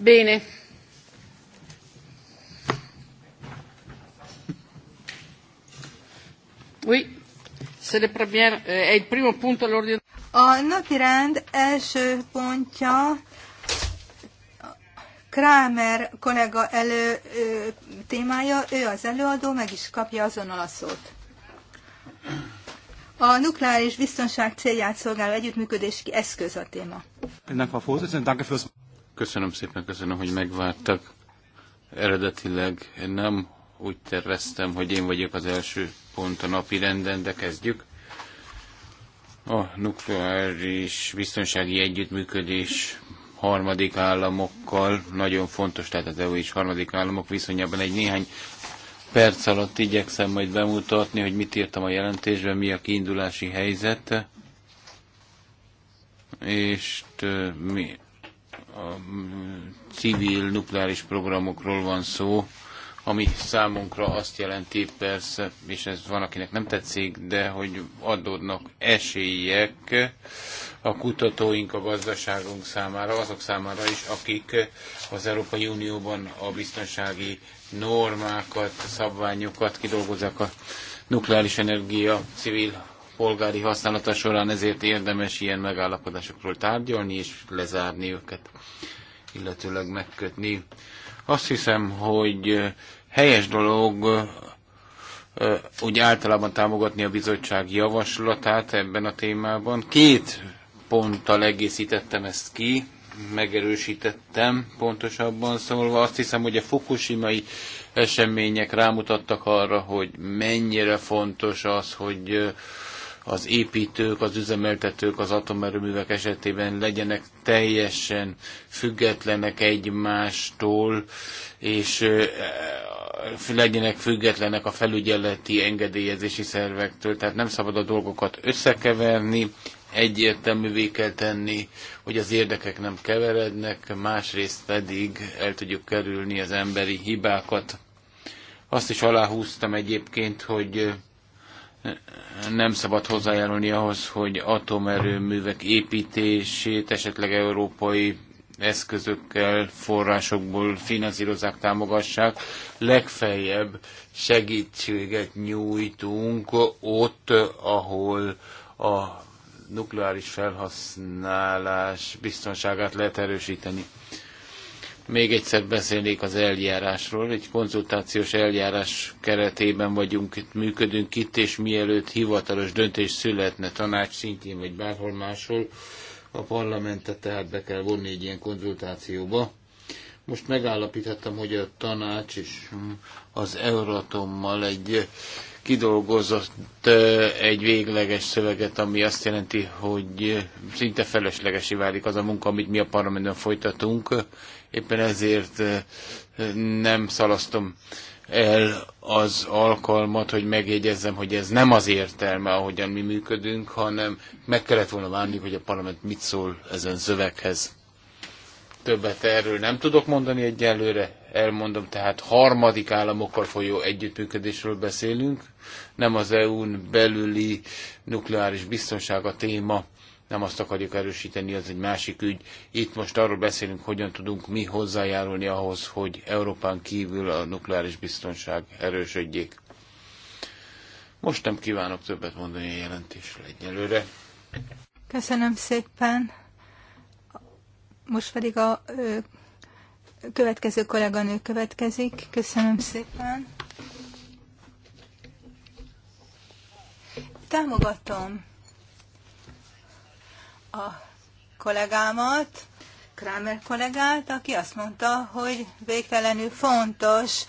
Bene. Oui. C'est le premier, euh, A napirend első pontja Kramer kollega elő ö, témája, ő az előadó, meg is kapja azonnal a szót. A nukleáris biztonság célját szolgáló együttműködési eszköz a téma. Köszönöm szépen, köszönöm, hogy megvártak. Eredetileg nem úgy terveztem, hogy én vagyok az első pont a napi renden, de kezdjük. A nukleáris biztonsági együttműködés harmadik államokkal nagyon fontos, tehát az EU és harmadik államok viszonyában egy néhány perc alatt igyekszem majd bemutatni, hogy mit írtam a jelentésben, mi a kiindulási helyzet, és mi a civil nukleáris programokról van szó, ami számunkra azt jelenti persze, és ez van, akinek nem tetszik, de hogy adódnak esélyek a kutatóink, a gazdaságunk számára, azok számára is, akik az Európai Unióban a biztonsági normákat, szabványokat kidolgozzák a nukleáris energia civil polgári használata során, ezért érdemes ilyen megállapodásokról tárgyalni és lezárni őket, illetőleg megkötni. Azt hiszem, hogy helyes dolog úgy általában támogatni a bizottság javaslatát ebben a témában. Két ponttal egészítettem ezt ki, megerősítettem, pontosabban szólva. Azt hiszem, hogy a fukushimai események rámutattak arra, hogy mennyire fontos az, hogy az építők, az üzemeltetők az atomerőművek esetében legyenek teljesen függetlenek egymástól, és legyenek függetlenek a felügyeleti engedélyezési szervektől. Tehát nem szabad a dolgokat összekeverni, egyértelművé kell tenni, hogy az érdekek nem keverednek, másrészt pedig el tudjuk kerülni az emberi hibákat. Azt is aláhúztam egyébként, hogy nem szabad hozzájárulni ahhoz, hogy atomerőművek építését esetleg európai eszközökkel, forrásokból finanszírozzák, támogassák. Legfeljebb segítséget nyújtunk ott, ahol a nukleáris felhasználás biztonságát lehet erősíteni. Még egyszer beszélnék az eljárásról. Egy konzultációs eljárás keretében vagyunk itt, működünk itt, és mielőtt hivatalos döntés születne tanács szintjén, vagy bárhol máshol, a parlamentet tehát be kell vonni egy ilyen konzultációba. Most megállapítottam, hogy a tanács és az Euratommal egy kidolgozott egy végleges szöveget, ami azt jelenti, hogy szinte feleslegesé válik az a munka, amit mi a parlamentben folytatunk. Éppen ezért nem szalasztom el az alkalmat, hogy megjegyezzem, hogy ez nem az értelme, ahogyan mi működünk, hanem meg kellett volna várni, hogy a parlament mit szól ezen szöveghez többet erről nem tudok mondani egyelőre, elmondom, tehát harmadik államokkal folyó együttműködésről beszélünk, nem az EU-n belüli nukleáris biztonság a téma, nem azt akarjuk erősíteni, az egy másik ügy. Itt most arról beszélünk, hogyan tudunk mi hozzájárulni ahhoz, hogy Európán kívül a nukleáris biztonság erősödjék. Most nem kívánok többet mondani a jelentésről egyelőre. Köszönöm szépen. Most pedig a következő kolléganő következik. Köszönöm szépen. Támogatom a kollégámat, Kramer kollégát, aki azt mondta, hogy végtelenül fontos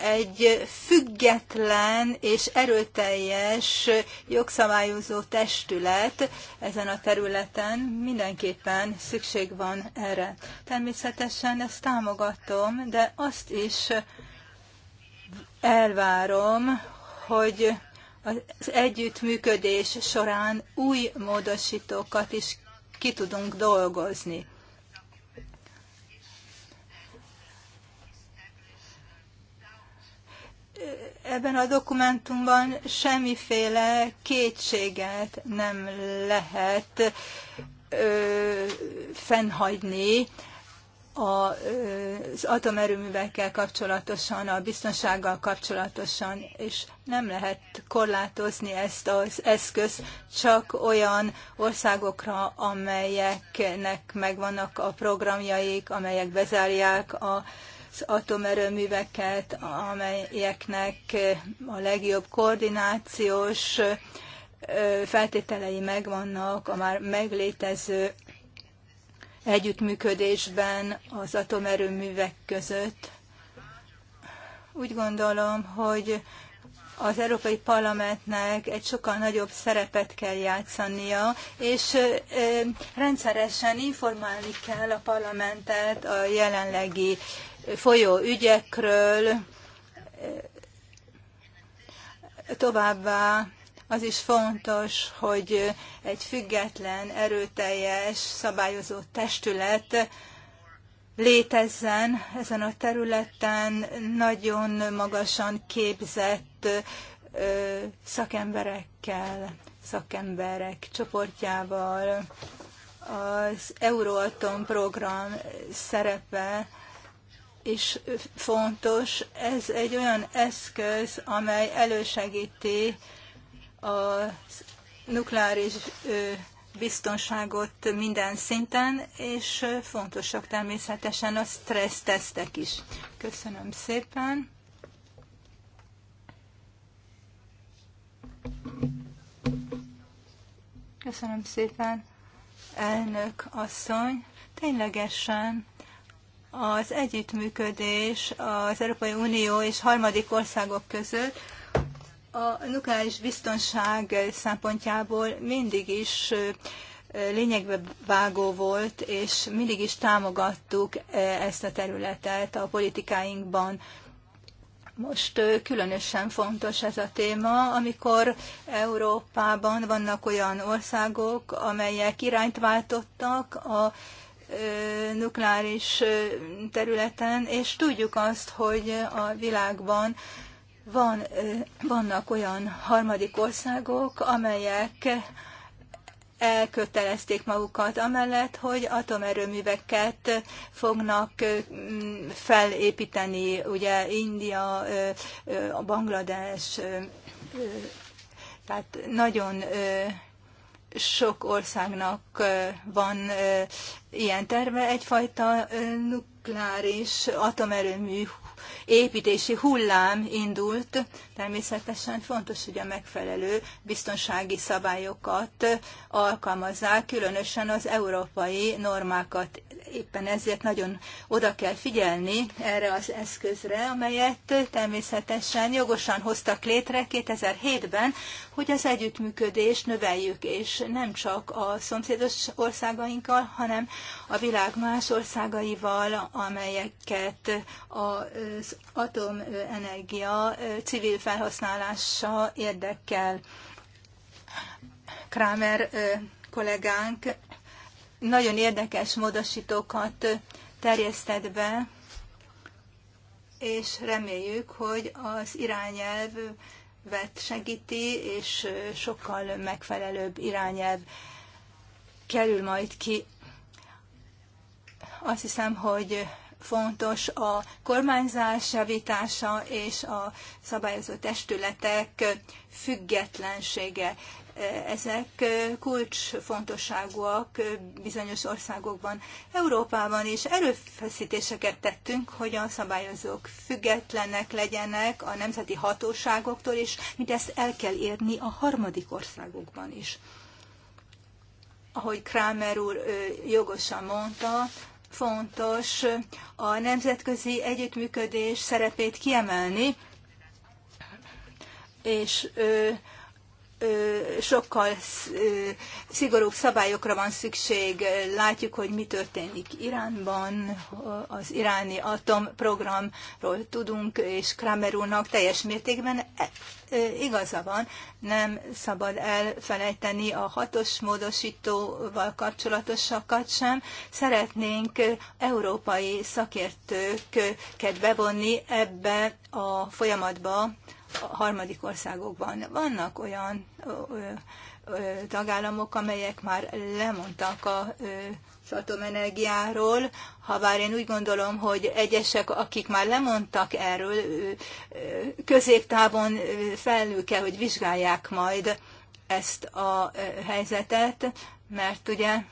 egy független és erőteljes jogszabályozó testület ezen a területen mindenképpen szükség van erre. Természetesen ezt támogatom, de azt is elvárom, hogy az együttműködés során új módosítókat is ki tudunk dolgozni. ebben a dokumentumban semmiféle kétséget nem lehet ö, fennhagyni az atomerőművekkel kapcsolatosan, a biztonsággal kapcsolatosan, és nem lehet korlátozni ezt az eszköz csak olyan országokra, amelyeknek megvannak a programjaik, amelyek bezárják a az atomerőműveket, amelyeknek a legjobb koordinációs feltételei megvannak a már meglétező együttműködésben az atomerőművek között. Úgy gondolom, hogy az Európai Parlamentnek egy sokkal nagyobb szerepet kell játszania, és rendszeresen informálni kell a parlamentet a jelenlegi folyó ügyekről, továbbá az is fontos, hogy egy független, erőteljes, szabályozó testület létezzen ezen a területen, nagyon magasan képzett szakemberekkel, szakemberek csoportjával. Az Euroatom program szerepe is fontos. Ez egy olyan eszköz, amely elősegíti a nukleáris biztonságot minden szinten, és fontosak természetesen a stressztesztek is. Köszönöm szépen. Köszönöm szépen, elnök asszony. Ténylegesen az együttműködés az Európai Unió és harmadik országok között a nukleáris biztonság szempontjából mindig is lényegbe vágó volt, és mindig is támogattuk ezt a területet a politikáinkban. Most különösen fontos ez a téma, amikor Európában vannak olyan országok, amelyek irányt váltottak a nukleáris területen, és tudjuk azt, hogy a világban van, vannak olyan harmadik országok, amelyek elkötelezték magukat amellett, hogy atomerőműveket fognak felépíteni, ugye India, a Banglades, tehát nagyon sok országnak van ilyen terve, egyfajta nukleáris atomerőmű építési hullám indult. Természetesen fontos, hogy a megfelelő biztonsági szabályokat alkalmazzák, különösen az európai normákat. Éppen ezért nagyon oda kell figyelni erre az eszközre, amelyet természetesen jogosan hoztak létre 2007-ben, hogy az együttműködést növeljük, és nem csak a szomszédos országainkkal, hanem a világ más országaival, amelyeket az atomenergia civil felhasználása érdekel. Kramer kollégánk nagyon érdekes módosítókat terjesztett be, és reméljük, hogy az irányelv vet segíti, és sokkal megfelelőbb irányelv kerül majd ki. Azt hiszem, hogy fontos a kormányzás javítása és a szabályozó testületek függetlensége ezek kulcsfontosságúak bizonyos országokban. Európában is erőfeszítéseket tettünk, hogy a szabályozók függetlenek legyenek a nemzeti hatóságoktól, és ezt el kell érni a harmadik országokban is. Ahogy Kramer úr jogosan mondta, fontos a nemzetközi együttműködés szerepét kiemelni, és sokkal szigorúbb szabályokra van szükség. Látjuk, hogy mi történik Iránban, az iráni atomprogramról tudunk, és Kramer úrnak teljes mértékben e, e, igaza van, nem szabad elfelejteni a hatos módosítóval kapcsolatosakat sem. Szeretnénk európai szakértőket bevonni ebbe a folyamatba, a harmadik országokban. Vannak olyan ö, ö, tagállamok, amelyek már lemondtak a ö, atomenergiáról, ha bár én úgy gondolom, hogy egyesek, akik már lemondtak erről, középtávon felül kell, hogy vizsgálják majd ezt a helyzetet, mert ugye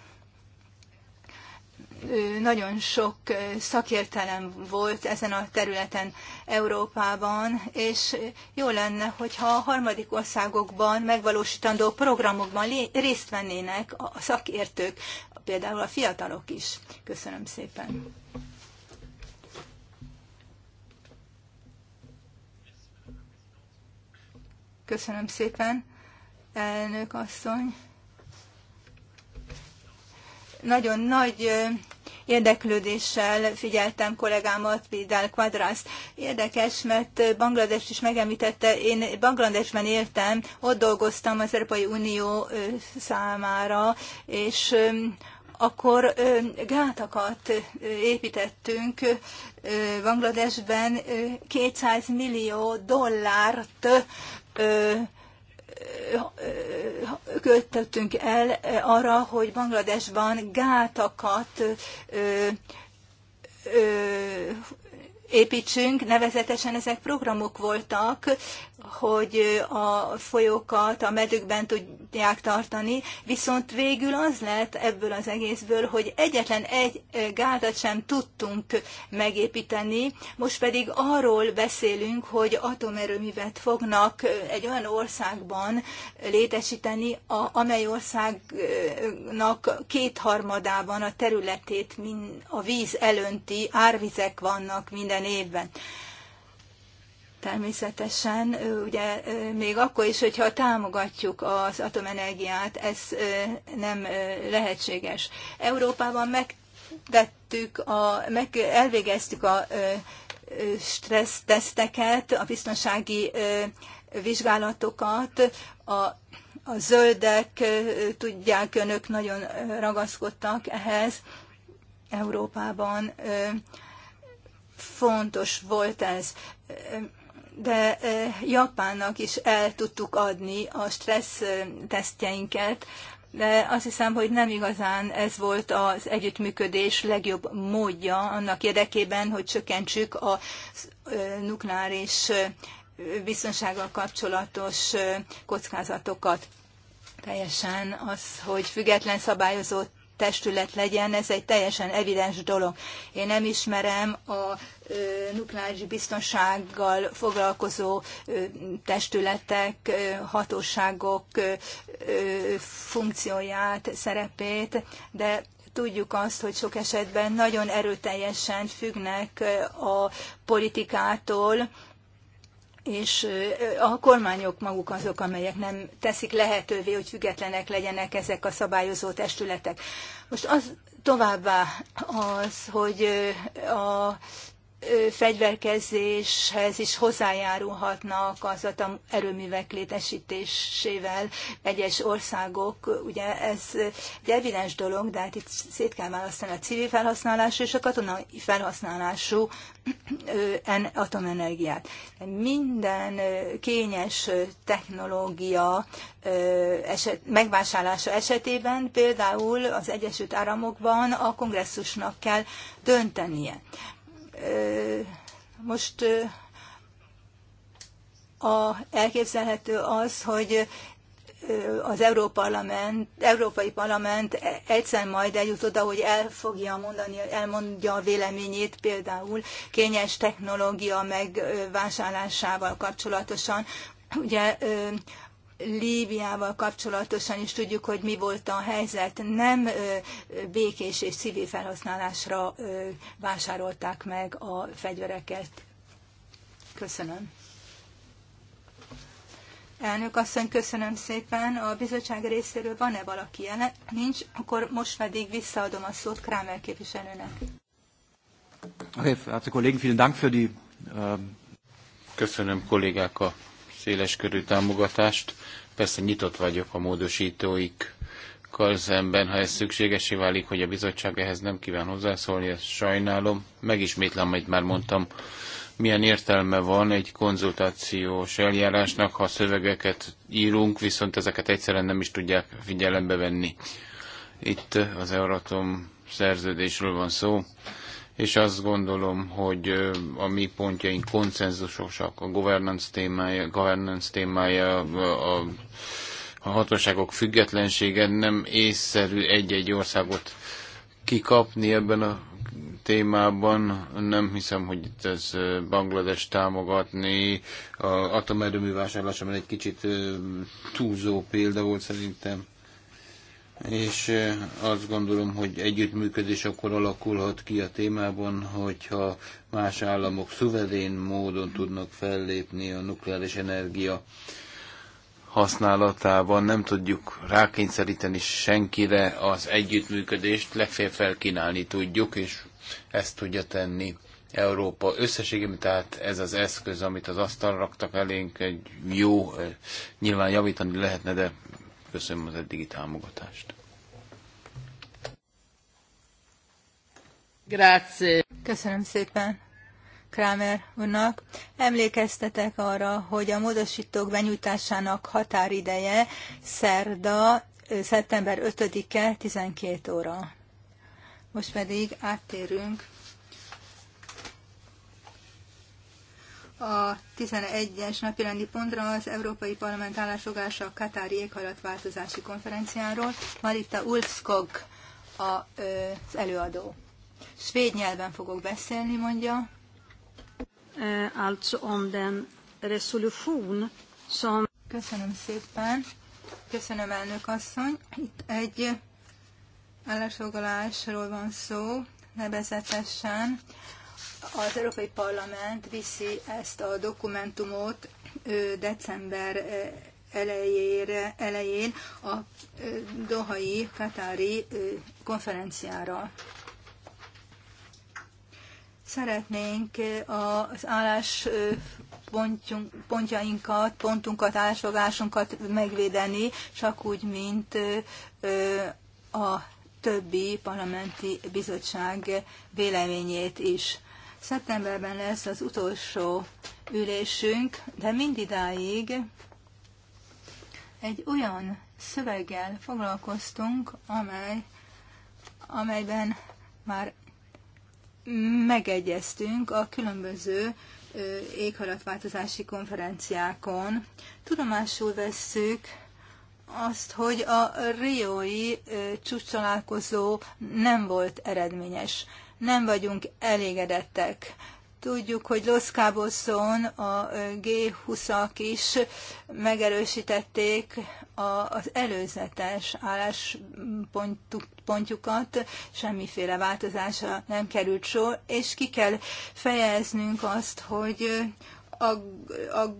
nagyon sok szakértelem volt ezen a területen Európában, és jó lenne, hogyha a harmadik országokban megvalósítandó programokban részt vennének a szakértők, például a fiatalok is. Köszönöm szépen. Köszönöm szépen, elnök asszony. Nagyon nagy érdeklődéssel figyeltem kollégámat, Vidal Quadras. Érdekes, mert Banglades is megemlítette, én Bangladesben éltem, ott dolgoztam az Európai Unió számára, és akkor gátakat építettünk Bangladesben, 200 millió dollárt költöttünk el arra, hogy Bangladesban gátakat építsünk, nevezetesen ezek programok voltak, hogy a folyókat a medükben tudják tartani, viszont végül az lett ebből az egészből, hogy egyetlen egy gátat sem tudtunk megépíteni, most pedig arról beszélünk, hogy atomerőművet fognak egy olyan országban létesíteni, amely országnak kétharmadában a területét a víz elönti, árvizek vannak minden évben. Természetesen, ugye még akkor is, hogyha támogatjuk az atomenergiát, ez nem lehetséges. Európában megtettük, a, meg elvégeztük a stressz teszteket, a biztonsági vizsgálatokat, a, a zöldek, tudják, önök nagyon ragaszkodtak ehhez Európában. Fontos volt ez de eh, Japánnak is el tudtuk adni a stressz eh, tesztjeinket, de azt hiszem, hogy nem igazán ez volt az együttműködés legjobb módja annak érdekében, hogy csökkentsük a eh, nukleáris biztonsággal kapcsolatos kockázatokat. Teljesen az, hogy független szabályozott testület legyen, ez egy teljesen evidens dolog. Én nem ismerem a nukleáris biztonsággal foglalkozó testületek, hatóságok funkcióját, szerepét, de tudjuk azt, hogy sok esetben nagyon erőteljesen függnek a politikától, és a kormányok maguk azok, amelyek nem teszik lehetővé, hogy függetlenek legyenek ezek a szabályozó testületek. Most az továbbá az, hogy a fegyverkezéshez is hozzájárulhatnak az erőművek létesítésével egyes országok. Ugye ez egy evidens dolog, de hát itt szét kell választani a civil felhasználású és a katonai felhasználású atomenergiát. Minden kényes technológia eset, megvásárlása esetében például az Egyesült Államokban a kongresszusnak kell döntenie. Most a, elképzelhető az, hogy az Európarlament, Európai Parlament egyszer majd eljut oda, hogy el fogja mondani, elmondja a véleményét például kényes technológia megvásárlásával kapcsolatosan. Ugye Líbiával kapcsolatosan is tudjuk, hogy mi volt a helyzet. Nem békés és civil felhasználásra vásárolták meg a fegyvereket. Köszönöm. Elnök asszony, köszönöm szépen. A bizottság részéről van-e valaki jelen? Nincs, akkor most pedig visszaadom a szót Krámer képviselőnek. Okay, hát Köszönöm kollégák a széles körű támogatást. Persze nyitott vagyok a módosítóik szemben, ha ez szükségesé válik, hogy a bizottság ehhez nem kíván hozzászólni, ezt sajnálom. Megismétlem, amit már mondtam, milyen értelme van egy konzultációs eljárásnak, ha szövegeket írunk, viszont ezeket egyszerűen nem is tudják figyelembe venni. Itt az Euratom szerződésről van szó, és azt gondolom, hogy a mi pontjaink konszenzusosak, a governance témája, governance témája a, a hatóságok függetlensége nem észszerű egy-egy országot kikapni ebben a témában. Nem hiszem, hogy itt ez Banglades támogatni. A atomerőmű vásárlása egy kicsit túlzó példa volt szerintem és azt gondolom, hogy együttműködés akkor alakulhat ki a témában, hogyha más államok szuverén módon tudnak fellépni a nukleáris energia használatában. Nem tudjuk rákényszeríteni senkire az együttműködést, legfeljebb felkínálni tudjuk, és ezt tudja tenni Európa összességében, tehát ez az eszköz, amit az asztal raktak elénk, egy jó, nyilván javítani lehetne, de Köszönöm az eddigi támogatást. Grazie. Köszönöm szépen. Kramer úrnak. Emlékeztetek arra, hogy a módosítók benyújtásának határideje szerda, szeptember 5-e, 12 óra. Most pedig áttérünk a 11-es napirendi pontra az Európai Parlament állásfogása a Katári éghajlatváltozási konferenciáról. Marita Ulfskog az előadó. Svéd nyelven fogok beszélni, mondja. Alltså om den resolution som... Köszönöm szépen. Köszönöm, elnök asszony. Itt egy állásfoglalásról van szó, nevezetesen az Európai Parlament viszi ezt a dokumentumot december elejére, elején a Dohai Katári konferenciára. Szeretnénk az állás pontjainkat, pontunkat, állásfogásunkat megvédeni, csak úgy, mint a többi parlamenti bizottság véleményét is. Szeptemberben lesz az utolsó ülésünk, de mindidáig egy olyan szöveggel foglalkoztunk, amely, amelyben már megegyeztünk a különböző éghajlatváltozási konferenciákon. Tudomásul vesszük azt, hogy a riói csúcs találkozó nem volt eredményes nem vagyunk elégedettek. Tudjuk, hogy Los Caboson a G20-ak is megerősítették az előzetes álláspontjukat, semmiféle változása nem került sor, és ki kell fejeznünk azt, hogy a, a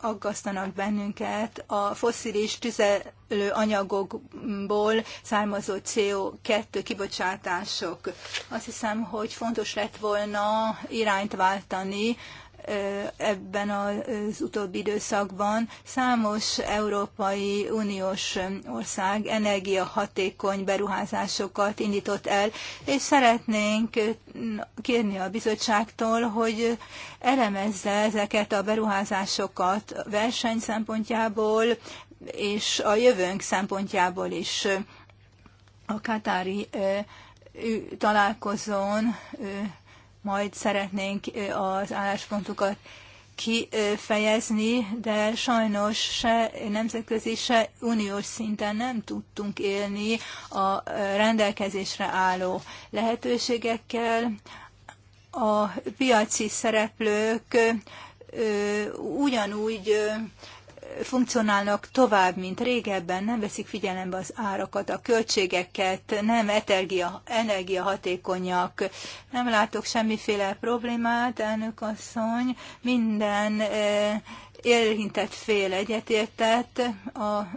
aggasztanak bennünket a fosszilis tüzelő anyagokból származó CO2 kibocsátások. Azt hiszem, hogy fontos lett volna irányt váltani ebben az utóbbi időszakban számos Európai Uniós ország energiahatékony beruházásokat indított el, és szeretnénk kérni a bizottságtól, hogy elemezze ezeket a beruházásokat verseny szempontjából és a jövőnk szempontjából is. A katári találkozón majd szeretnénk az álláspontokat kifejezni, de sajnos se nemzetközi, se uniós szinten nem tudtunk élni a rendelkezésre álló lehetőségekkel. A piaci szereplők ugyanúgy funkcionálnak tovább, mint régebben, nem veszik figyelembe az árakat, a költségeket, nem energia, energiahatékonyak. Nem látok semmiféle problémát, elnök asszony, minden eh, érintett fél egyetértett a, eh,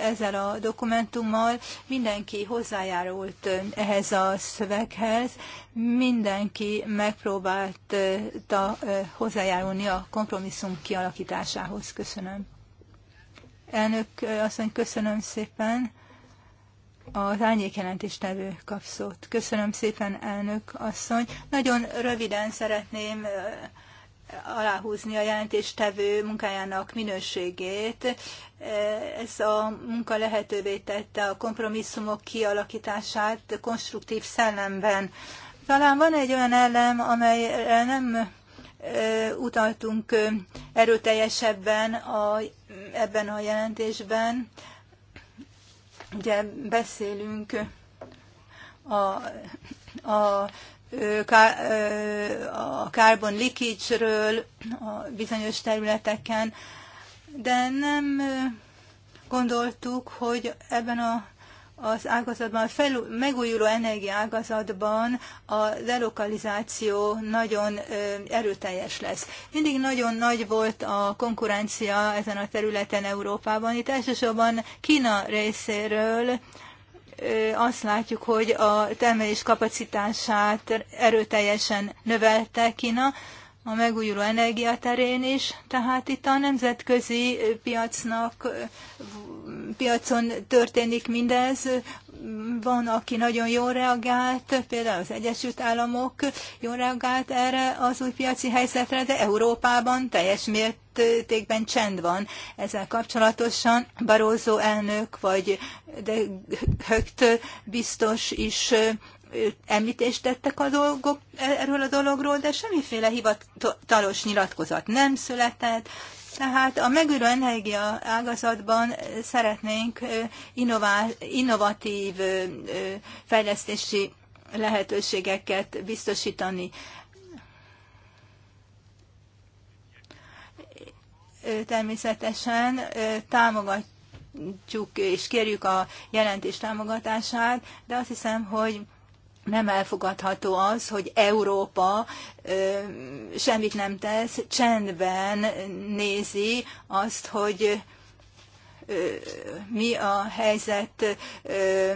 ezzel a dokumentummal, mindenki hozzájárult eh, ehhez a szöveghez, mindenki megpróbált hozzájárulni a kompromisszum kialakításához. Köszönöm. Elnök asszony, köszönöm szépen. Az árnyékjelentéstevő kap szót. Köszönöm szépen, elnök asszony. Nagyon röviden szeretném aláhúzni a jelentéstevő munkájának minőségét. Ez a munka lehetővé tette a kompromisszumok kialakítását konstruktív szellemben. Talán van egy olyan elem, amelyre nem utaltunk erőteljesebben a ebben a jelentésben. Ugye beszélünk a, a a carbon leakage-ről a bizonyos területeken, de nem gondoltuk, hogy ebben a az ágazatban, a fel, megújuló ágazatban a delokalizáció nagyon erőteljes lesz. Mindig nagyon nagy volt a konkurencia ezen a területen Európában. Itt elsősorban Kína részéről azt látjuk, hogy a termelés kapacitását erőteljesen növelte Kína, a megújuló energia terén is, tehát itt a nemzetközi piacnak piacon történik mindez. Van, aki nagyon jól reagált, például az Egyesült Államok jól reagált erre az új piaci helyzetre, de Európában teljes mértékben csend van ezzel kapcsolatosan. Barózó elnök vagy de Högt biztos is említést tettek a dolgok, erről a dologról, de semmiféle hivatalos nyilatkozat nem született, tehát a megülő energia ágazatban szeretnénk innová, innovatív fejlesztési lehetőségeket biztosítani. Természetesen támogatjuk és kérjük a jelentés támogatását, de azt hiszem, hogy nem elfogadható az, hogy Európa ö, semmit nem tesz, csendben nézi azt, hogy ö, mi a helyzet ö,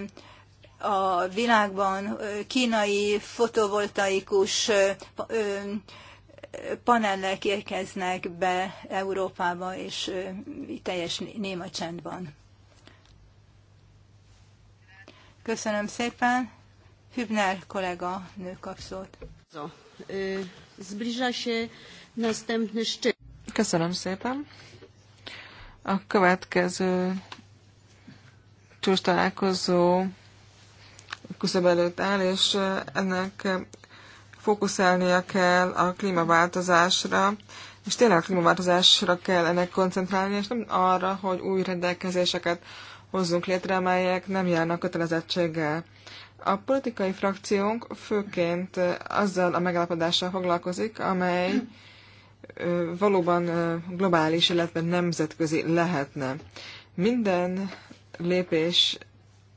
a világban kínai fotovoltaikus ö, ö, panellek érkeznek be Európába, és ö, teljes néma csendben. Köszönöm szépen! Hübner kollega nő kap szót. Köszönöm szépen. A következő csúcs találkozó küszöb előtt áll, és ennek fókuszálnia kell a klímaváltozásra, és tényleg a klímaváltozásra kell ennek koncentrálni, és nem arra, hogy új rendelkezéseket hozzunk létre, amelyek nem járnak kötelezettséggel. A politikai frakciónk főként azzal a megállapodással foglalkozik, amely valóban globális, illetve nemzetközi lehetne. Minden lépés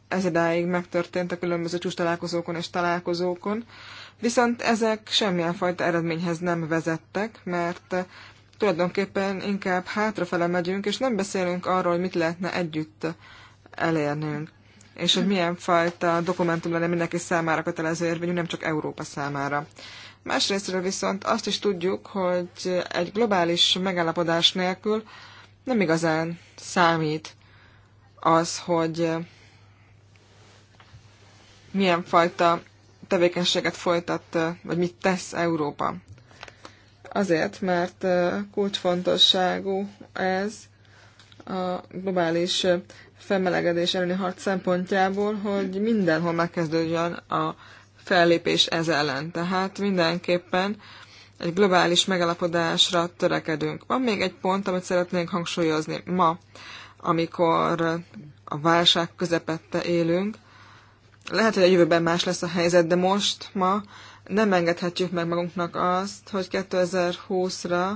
ezedáig megtörtént a különböző csúcstalálkozókon és találkozókon, viszont ezek semmilyen fajta eredményhez nem vezettek, mert tulajdonképpen inkább hátrafele megyünk, és nem beszélünk arról, hogy mit lehetne együtt elérnünk és hogy milyen fajta dokumentum lenne mindenki számára kötelező érvényű, nem csak Európa számára. Másrésztről viszont azt is tudjuk, hogy egy globális megállapodás nélkül nem igazán számít az, hogy milyen fajta tevékenységet folytat, vagy mit tesz Európa. Azért, mert eh, kulcsfontosságú ez a globális eh, felmelegedés elleni harc szempontjából, hogy mindenhol megkezdődjön a fellépés ez ellen. Tehát mindenképpen egy globális megalapodásra törekedünk. Van még egy pont, amit szeretnénk hangsúlyozni. Ma, amikor a válság közepette élünk, lehet, hogy a jövőben más lesz a helyzet, de most, ma nem engedhetjük meg magunknak azt, hogy 2020-ra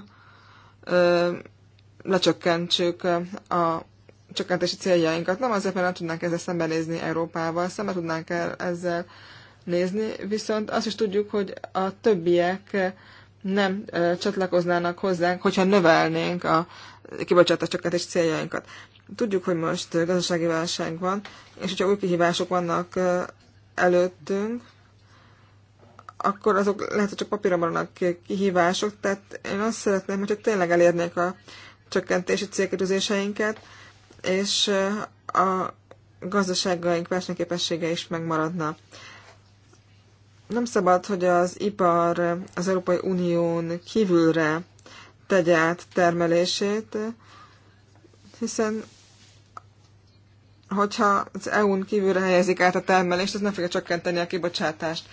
lecsökkentsük a csökkentési céljainkat. Nem azért, mert nem tudnánk ezzel szembenézni Európával, szembe tudnánk el ezzel nézni, viszont azt is tudjuk, hogy a többiek nem csatlakoznának hozzánk, hogyha növelnénk a kibocsátás csökkentés céljainkat. Tudjuk, hogy most gazdasági válság van, és hogyha új kihívások vannak előttünk, akkor azok lehet, hogy csak papíron maradnak kihívások, tehát én azt szeretném, hogyha tényleg elérnék a csökkentési célkérdőzéseinket, és a gazdaságaink versenyképessége is megmaradna. Nem szabad, hogy az ipar az Európai Unión kívülre tegye át termelését, hiszen hogyha az EU-n kívülre helyezik át a termelést, az nem fogja csökkenteni a kibocsátást.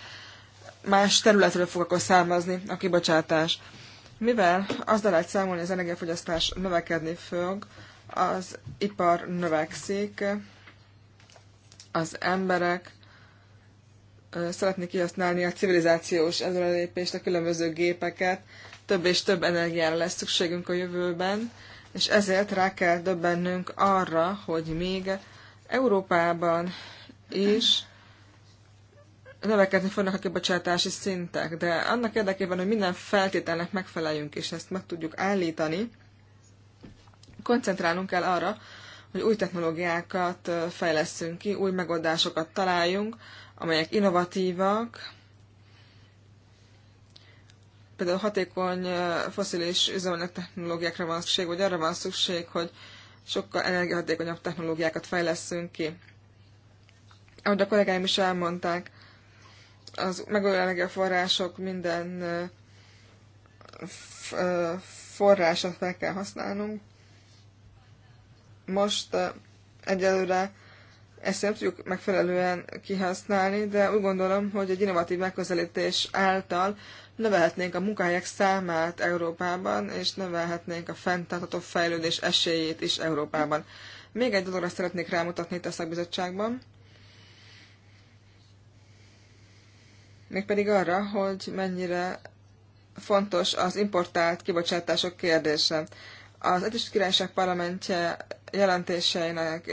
Más területről fog akkor származni a kibocsátás. Mivel azzal lehet számolni, hogy az energiafogyasztás növekedni fog, az ipar növekszik, az emberek szeretnék kihasználni a civilizációs előrelépést, a különböző gépeket, több és több energiára lesz szükségünk a jövőben, és ezért rá kell döbbennünk arra, hogy még Európában is növekedni fognak a kibocsátási szintek, de annak érdekében, hogy minden feltételnek megfeleljünk, és ezt meg tudjuk állítani, koncentrálunk kell arra, hogy új technológiákat fejleszünk ki, új megoldásokat találjunk, amelyek innovatívak, például hatékony foszilis üzemanyag technológiákra van szükség, vagy arra van szükség, hogy sokkal energiahatékonyabb technológiákat fejleszünk ki. Ahogy a kollégáim is elmondták, az megújuló energiaforrások minden forrását fel kell használnunk, most egyelőre ezt nem tudjuk megfelelően kihasználni, de úgy gondolom, hogy egy innovatív megközelítés által növelhetnénk a munkahelyek számát Európában, és növelhetnénk a fenntartható fejlődés esélyét is Európában. Még egy dologra szeretnék rámutatni itt a szakbizottságban, mégpedig arra, hogy mennyire fontos az importált kibocsátások kérdése. Az Egyesült Királyság parlamentje jelentéseinek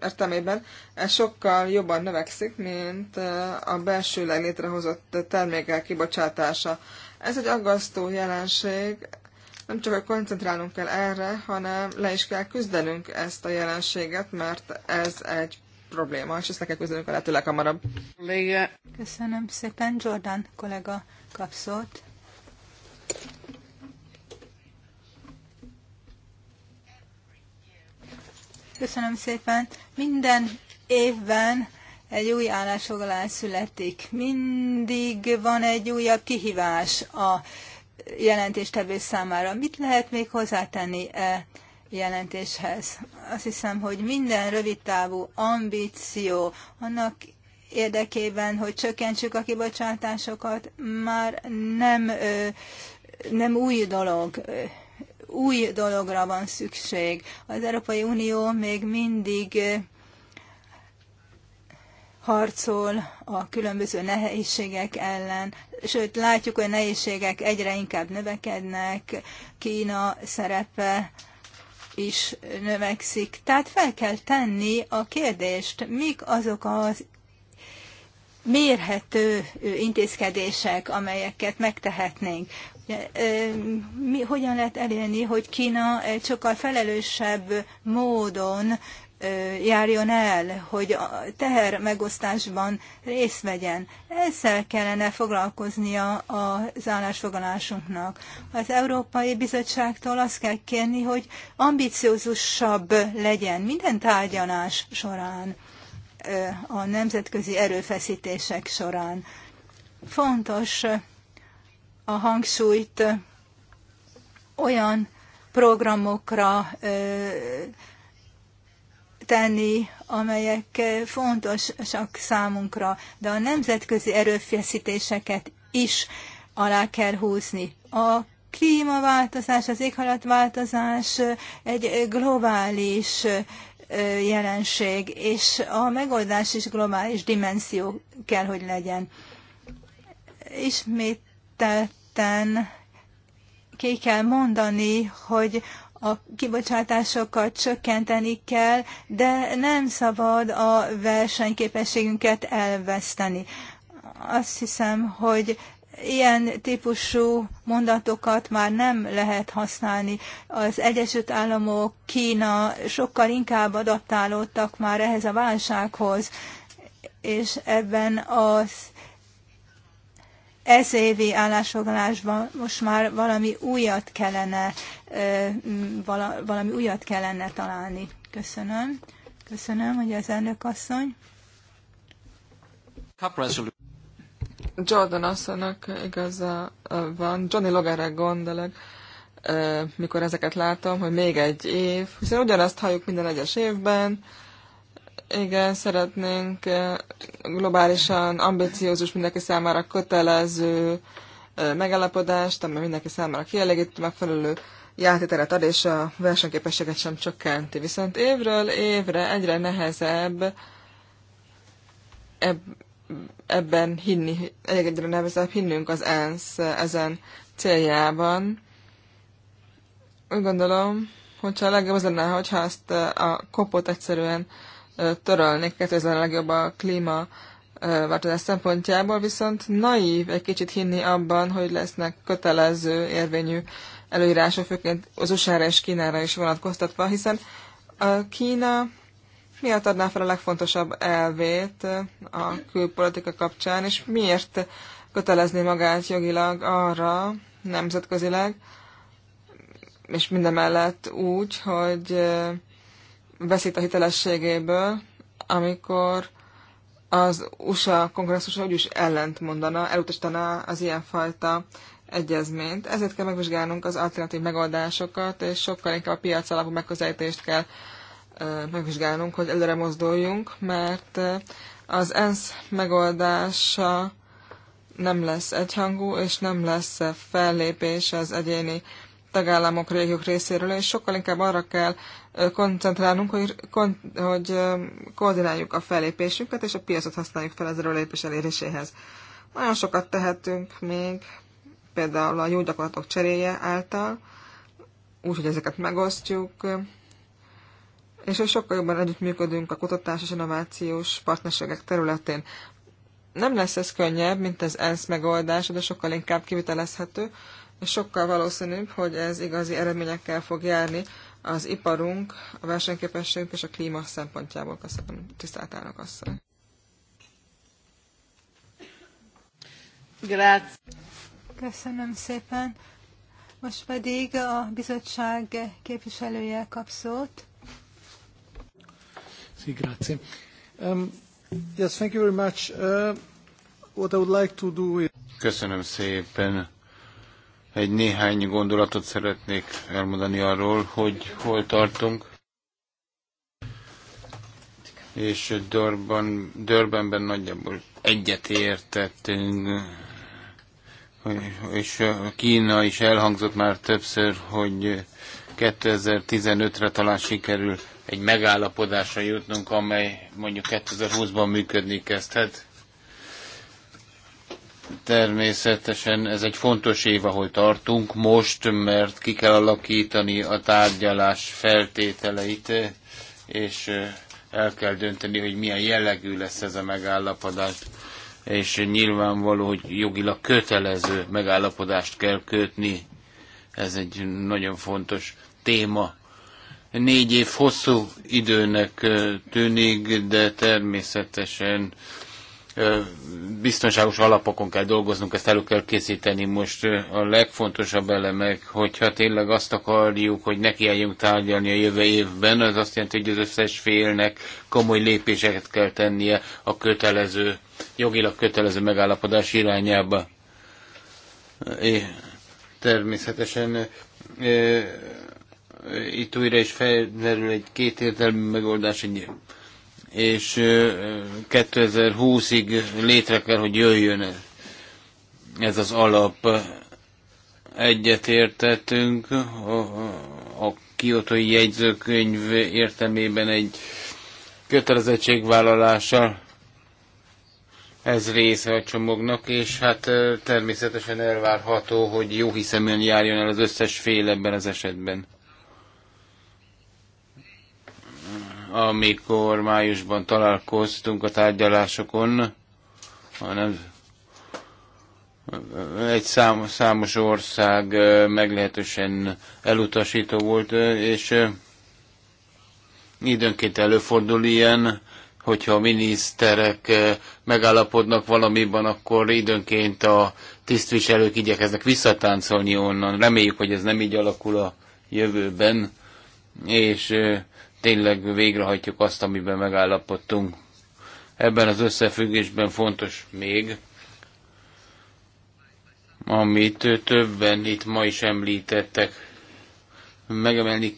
értelmében ez sokkal jobban növekszik, mint eh, a belsőleg létrehozott termékek kibocsátása. Ez egy aggasztó jelenség, nem csak, hogy koncentrálnunk kell erre, hanem le is kell küzdenünk ezt a jelenséget, mert ez egy probléma, és ezt le kell küzdenünk a lehető leghamarabb. Köszönöm szépen, Jordan kollega kapszott. Köszönöm szépen. Minden évben egy új állásfoglalás születik. Mindig van egy újabb kihívás a jelentéstevő számára. Mit lehet még hozzátenni e jelentéshez? Azt hiszem, hogy minden rövidtávú ambíció annak érdekében, hogy csökkentsük a kibocsátásokat, már nem, nem új dolog új dologra van szükség. Az Európai Unió még mindig harcol a különböző nehézségek ellen, sőt látjuk, hogy a nehézségek egyre inkább növekednek, Kína szerepe is növekszik. Tehát fel kell tenni a kérdést, mik azok az mérhető intézkedések, amelyeket megtehetnénk mi, hogyan lehet elérni, hogy Kína egy sokkal felelősebb módon járjon el, hogy a teher megosztásban részt vegyen. Ezzel kellene foglalkoznia az állásfoglalásunknak. Az Európai Bizottságtól azt kell kérni, hogy ambiciózusabb legyen minden tárgyalás során, a nemzetközi erőfeszítések során. Fontos a hangsúlyt olyan programokra tenni, amelyek fontosak számunkra, de a nemzetközi erőfeszítéseket is alá kell húzni. A klímaváltozás, az éghajlatváltozás egy globális jelenség, és a megoldás is globális dimenzió kell, hogy legyen. Ismét tetten ki kell mondani, hogy a kibocsátásokat csökkenteni kell, de nem szabad a versenyképességünket elveszteni. Azt hiszem, hogy ilyen típusú mondatokat már nem lehet használni. Az Egyesült Államok, Kína sokkal inkább adaptálódtak már ehhez a válsághoz, és ebben az ez évi állásfoglalásban most már valami újat kellene, valami újat kellene találni. Köszönöm. Köszönöm, hogy az elnök asszony. Jordan asszonynak igaza van. Johnny Logarra gondolok, mikor ezeket látom, hogy még egy év, hiszen ugyanazt halljuk minden egyes évben, igen, szeretnénk globálisan ambiciózus, mindenki számára kötelező megállapodást, ami mindenki számára kielégítő, megfelelő játéteret ad, és a versenyképességet sem csökkenti. Viszont évről évre egyre nehezebb ebben hinni, egyre nehezebb hinnünk az ENSZ ezen céljában. Úgy gondolom, hogyha a legjobb az lenne, hogyha ezt a kopot egyszerűen törölni, a legjobb a klíma változás szempontjából, viszont naív egy kicsit hinni abban, hogy lesznek kötelező érvényű előírások, főként az USA-ra és Kínára is vonatkoztatva, hiszen a Kína miatt adná fel a legfontosabb elvét a külpolitika kapcsán, és miért kötelezni magát jogilag arra nemzetközileg, és mindemellett úgy, hogy veszít a hitelességéből, amikor az USA kongresszusa úgyis ellent mondana, elutasítaná az ilyenfajta egyezményt. Ezért kell megvizsgálnunk az alternatív megoldásokat, és sokkal inkább a piac alapú megközelítést kell megvizsgálnunk, hogy előre mozduljunk, mert az ENSZ megoldása nem lesz egyhangú, és nem lesz fellépés az egyéni tagállamok, régiók részéről, és sokkal inkább arra kell koncentrálnunk, hogy, kon, hogy koordináljuk a fellépésünket, és a piacot használjuk fel ezzel a lépés eléréséhez. Nagyon sokat tehetünk még, például a jó gyakorlatok cseréje által, úgyhogy ezeket megosztjuk, és hogy sokkal jobban együttműködünk a kutatás és innovációs partnerségek területén. Nem lesz ez könnyebb, mint az ENSZ megoldás, de sokkal inkább kivitelezhető, sokkal valószínűbb, hogy ez igazi eredményekkel fog járni az iparunk, a versenyképességünk és a klíma szempontjából. Köszönöm, tisztelt elnök asszony. Köszönöm szépen. Most pedig a bizottság képviselője kap szót. Sí, grazie. Um, yes, thank you very much. Uh, what I would like to do is... Köszönöm szépen. Egy néhány gondolatot szeretnék elmondani arról, hogy hol tartunk. És Dörben, Dörbenben nagyjából egyet értettünk, és Kína is elhangzott már többször, hogy 2015-re talán sikerül egy megállapodásra jutnunk, amely mondjuk 2020-ban működni kezdhet. Természetesen ez egy fontos év, ahol tartunk most, mert ki kell alakítani a tárgyalás feltételeit, és el kell dönteni, hogy milyen jellegű lesz ez a megállapodás. És nyilvánvaló, hogy jogilag kötelező megállapodást kell kötni. Ez egy nagyon fontos téma. Négy év hosszú időnek tűnik, de természetesen biztonságos alapokon kell dolgoznunk, ezt elő kell készíteni. Most a legfontosabb elemek, hogyha tényleg azt akarjuk, hogy nekiálljunk tárgyalni a jövő évben, az azt jelenti, hogy az összes félnek komoly lépéseket kell tennie a kötelező, jogilag kötelező megállapodás irányába. É, természetesen é, itt újra is felmerül egy kétértelmű megoldás, egy és 2020-ig létre kell, hogy jöjjön ez az alap. Egyetértettünk a kiotói jegyzőkönyv értelmében egy kötelezettségvállalással. Ez része a csomagnak, és hát természetesen elvárható, hogy jó hiszeműen járjon el az összes fél ebben az esetben. amikor májusban találkoztunk a tárgyalásokon, hanem egy szám, számos ország meglehetősen elutasító volt, és időnként előfordul ilyen, hogyha a miniszterek megállapodnak valamiben, akkor időnként a tisztviselők igyekeznek visszatáncolni onnan. Reméljük, hogy ez nem így alakul a jövőben, és tényleg végrehajtjuk azt, amiben megállapodtunk. Ebben az összefüggésben fontos még, amit többen itt ma is említettek, megemelni,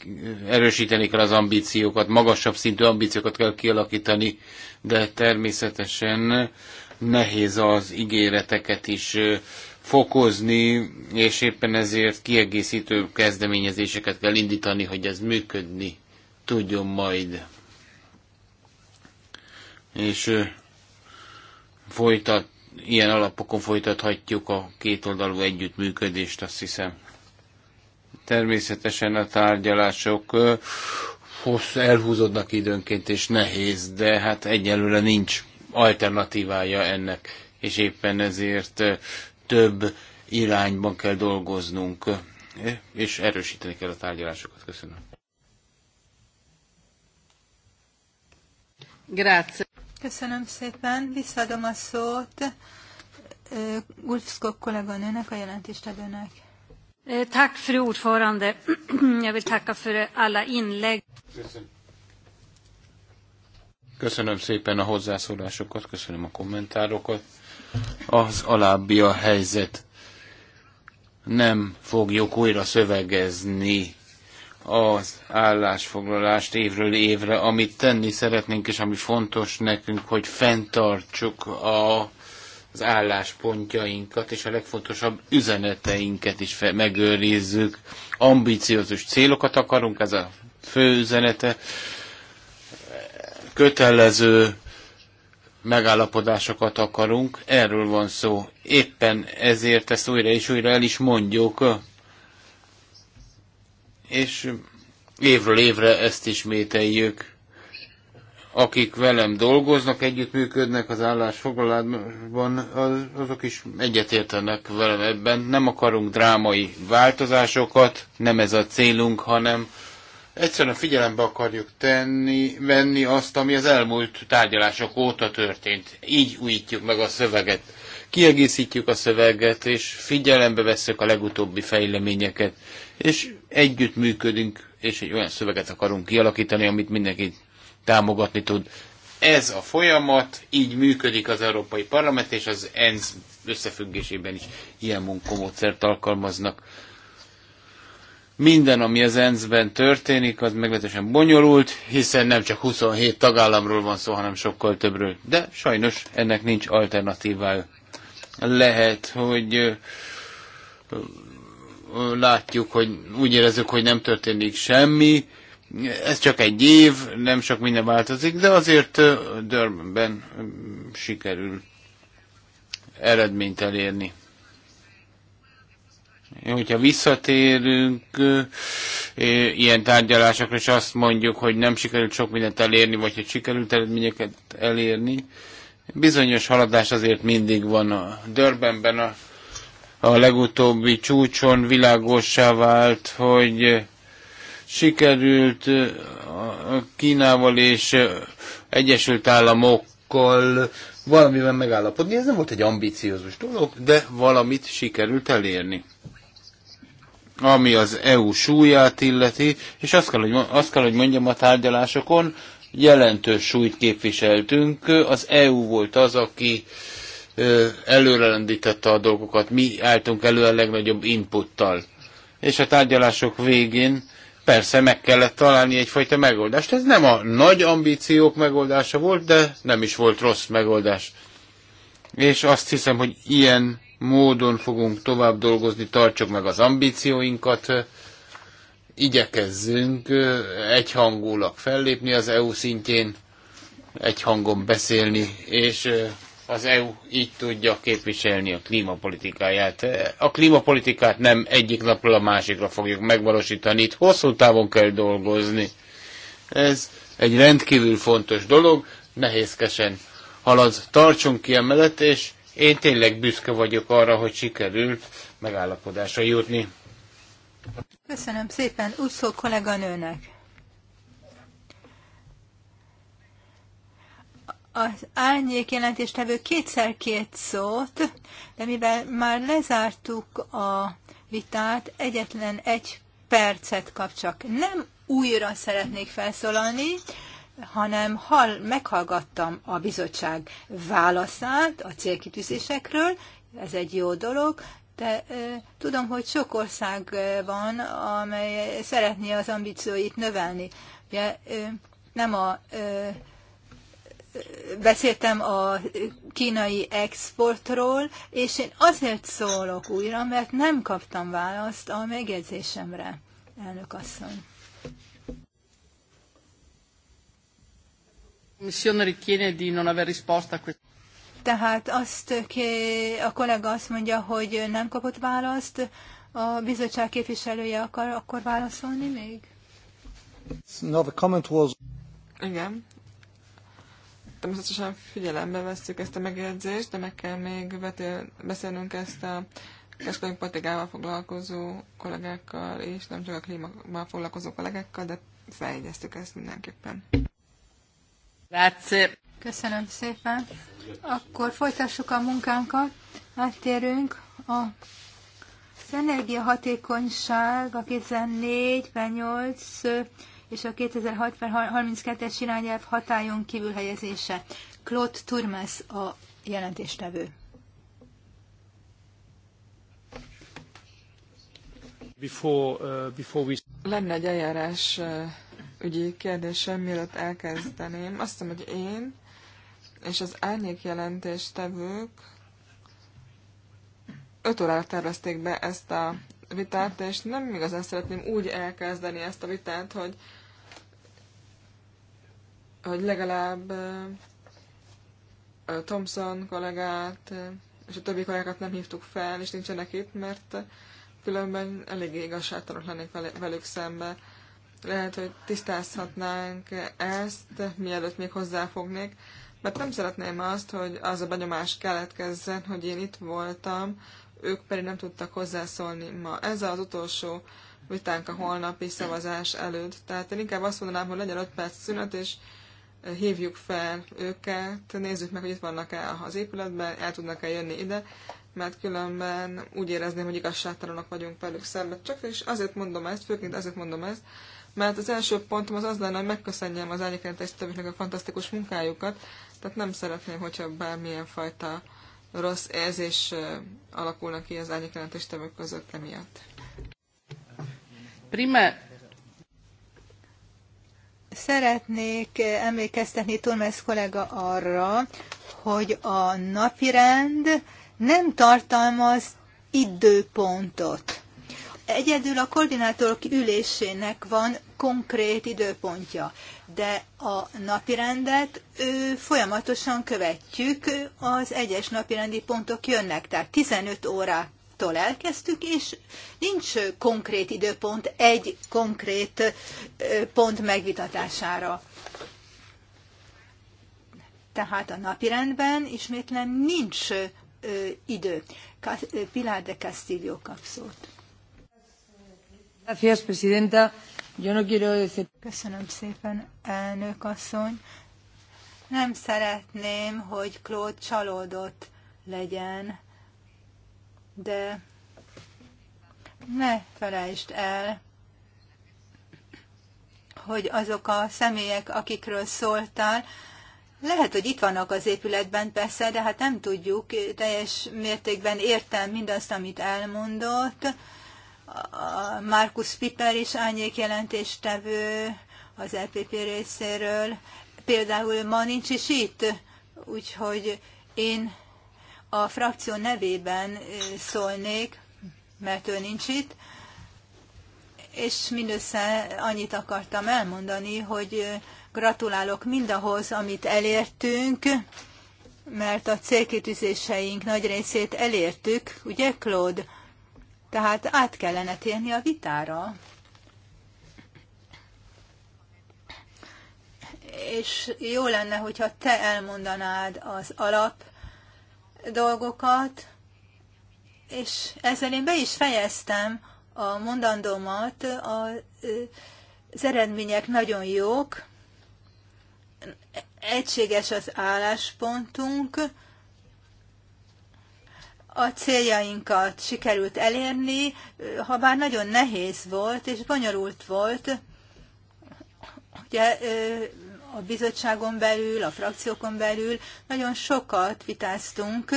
erősíteni kell az ambíciókat, magasabb szintű ambíciókat kell kialakítani, de természetesen nehéz az ígéreteket is fokozni, és éppen ezért kiegészítő kezdeményezéseket kell indítani, hogy ez működni tudjon majd. És folytat, ilyen alapokon folytathatjuk a kétoldalú együttműködést, azt hiszem. Természetesen a tárgyalások hossz, elhúzódnak időnként, és nehéz, de hát egyelőre nincs alternatívája ennek, és éppen ezért több irányban kell dolgoznunk, és erősíteni kell a tárgyalásokat. Köszönöm. Grazie. Köszönöm szépen, visszadom a szót Ulfskog kolléganőnek, a jelentéstevőnek. Tack fru ordförande. Jag vill tacka för alla inlägg. Köszönöm. Köszönöm szépen a hozzászólásokat, köszönöm a kommentárokat. Az alábbi a helyzet. Nem fogjuk újra szövegezni az állásfoglalást évről évre, amit tenni szeretnénk, és ami fontos nekünk, hogy fenntartsuk a, az álláspontjainkat, és a legfontosabb üzeneteinket is fe, megőrizzük. Ambiciózus célokat akarunk, ez a fő üzenete. Kötelező megállapodásokat akarunk, erről van szó. Éppen ezért ezt újra és újra el is mondjuk, és évről évre ezt ismételjük. Akik velem dolgoznak, együttműködnek az állásfoglalásban, az, azok is egyetértenek velem ebben. Nem akarunk drámai változásokat, nem ez a célunk, hanem egyszerűen figyelembe akarjuk tenni, venni azt, ami az elmúlt tárgyalások óta történt. Így újítjuk meg a szöveget kiegészítjük a szöveget, és figyelembe veszük a legutóbbi fejleményeket, és együtt működünk, és egy olyan szöveget akarunk kialakítani, amit mindenki támogatni tud. Ez a folyamat, így működik az Európai Parlament, és az ENSZ összefüggésében is ilyen munkamódszert alkalmaznak. Minden, ami az ENSZ-ben történik, az meglehetősen bonyolult, hiszen nem csak 27 tagállamról van szó, hanem sokkal többről. De sajnos ennek nincs alternatívája. Lehet, hogy látjuk, hogy úgy érezzük, hogy nem történik semmi, ez csak egy év, nem sok minden változik, de azért Dörmben sikerül eredményt elérni. Hogyha visszatérünk ilyen tárgyalásokra, és azt mondjuk, hogy nem sikerült sok mindent elérni, vagy hogy sikerült eredményeket elérni, Bizonyos haladás azért mindig van a Dörbenben a, a legutóbbi csúcson világossá vált, hogy sikerült a Kínával és Egyesült Államokkal valamiben megállapodni. Ez nem volt egy ambiciózus dolog, de valamit sikerült elérni. Ami az EU súlyát illeti, és azt kell, hogy, azt kell, hogy mondjam a tárgyalásokon, jelentős súlyt képviseltünk. Az EU volt az, aki előrelendítette a dolgokat. Mi álltunk elő a legnagyobb inputtal. És a tárgyalások végén persze meg kellett találni egyfajta megoldást. Ez nem a nagy ambíciók megoldása volt, de nem is volt rossz megoldás. És azt hiszem, hogy ilyen módon fogunk tovább dolgozni, tartsuk meg az ambícióinkat, igyekezzünk egyhangulak fellépni az EU szintjén, egy hangon beszélni, és az EU így tudja képviselni a klímapolitikáját. A klímapolitikát nem egyik napról a másikra fogjuk megvalósítani, itt hosszú távon kell dolgozni. Ez egy rendkívül fontos dolog, nehézkesen halad. Tartsunk ki emellett, és én tényleg büszke vagyok arra, hogy sikerült megállapodásra jutni. Köszönöm szépen Uszó kolléganőnek. Az árnyék jelentéstevő kétszer két szót, de mivel már lezártuk a vitát, egyetlen egy percet kap csak. Nem újra szeretnék felszólalni, hanem hall, meghallgattam a bizottság válaszát a célkitűzésekről, ez egy jó dolog, de tudom, hogy sok ország van, amely szeretné az ambícióit növelni. Ugye, nem a beszéltem a kínai exportról, és én azért szólok újra, mert nem kaptam választ a megjegyzésemre, elnök asszony. Missionary Kennedy di non aver risposto a questo. Tehát azt a kollega azt mondja, hogy nem kapott választ, a bizottság képviselője akar akkor válaszolni még? No, the comment was... Igen. Természetesen figyelembe vesszük ezt a megjegyzést, de meg kell még betél, beszélnünk ezt a kereskedelmi politikával foglalkozó kollégákkal, és nem csak a klímával foglalkozó kollégákkal, de fejegyeztük ezt mindenképpen. Grazie. Köszönöm szépen. Akkor folytassuk a munkánkat. Áttérünk a az energiahatékonyság a 2048 és a 2032-es irányelv hatályon kívül helyezése. Claude Turmes a jelentéstevő. Before, uh, before we... Lenne egy eljárás uh, ügyi kérdésem, mielőtt elkezdeném. Azt hiszem, hogy én és az árnyék jelentéstevők 5 órára tervezték be ezt a vitát, és nem igazán szeretném úgy elkezdeni ezt a vitát, hogy, hogy legalább Thompson kollégát és a többi kollégákat nem hívtuk fel, és nincsenek itt, mert különben eléggé igazságtalanok lennék velük szembe. Lehet, hogy tisztázhatnánk ezt, mielőtt még hozzáfognék mert nem szeretném azt, hogy az a benyomás keletkezzen, hogy én itt voltam, ők pedig nem tudtak hozzászólni ma. Ez az utolsó vitánk a holnapi szavazás előtt. Tehát én inkább azt mondanám, hogy legyen 5 perc szünet, és eh, hívjuk fel őket, nézzük meg, hogy itt vannak-e az épületben, el tudnak-e jönni ide, mert különben úgy érezném, hogy igazságtalanok vagyunk velük szemben. Csak és azért mondom ezt, főként azért mondom ezt, mert az első pontom az az lenne, hogy megköszönjem az többiknek a fantasztikus munkájukat, tehát nem szeretném, hogyha bármilyen fajta rossz érzés alakulna ki az árnyékentéstevők között emiatt. Prima. Szeretnék emlékeztetni Turmes kollega arra, hogy a napirend nem tartalmaz időpontot. Egyedül a koordinátorok ülésének van konkrét időpontja, de a napirendet ő, folyamatosan követjük, az egyes napirendi pontok jönnek, tehát 15 órától elkezdtük, és nincs konkrét időpont egy konkrét pont megvitatására. Tehát a napirendben ismétlem nincs idő. Pilar de Castillo kap Köszönöm szépen, elnök asszony. Nem szeretném, hogy Claude csalódott legyen, de ne felejtsd el, hogy azok a személyek, akikről szóltál, lehet, hogy itt vannak az épületben persze, de hát nem tudjuk teljes mértékben értem mindazt, amit elmondott. Markus Piper is árnyék jelentéstevő az LPP e részéről. Például ma nincs is itt, úgyhogy én a frakció nevében szólnék, mert ő nincs itt, és mindössze annyit akartam elmondani, hogy gratulálok mindahhoz, amit elértünk, mert a célkitűzéseink nagy részét elértük, ugye Claude? Tehát át kellene térni a vitára. És jó lenne, hogyha te elmondanád az alap dolgokat, és ezzel én be is fejeztem a mondandómat. A, az eredmények nagyon jók, egységes az álláspontunk, a céljainkat sikerült elérni, ha bár nagyon nehéz volt és bonyolult volt. Ugye a bizottságon belül, a frakciókon belül nagyon sokat vitáztunk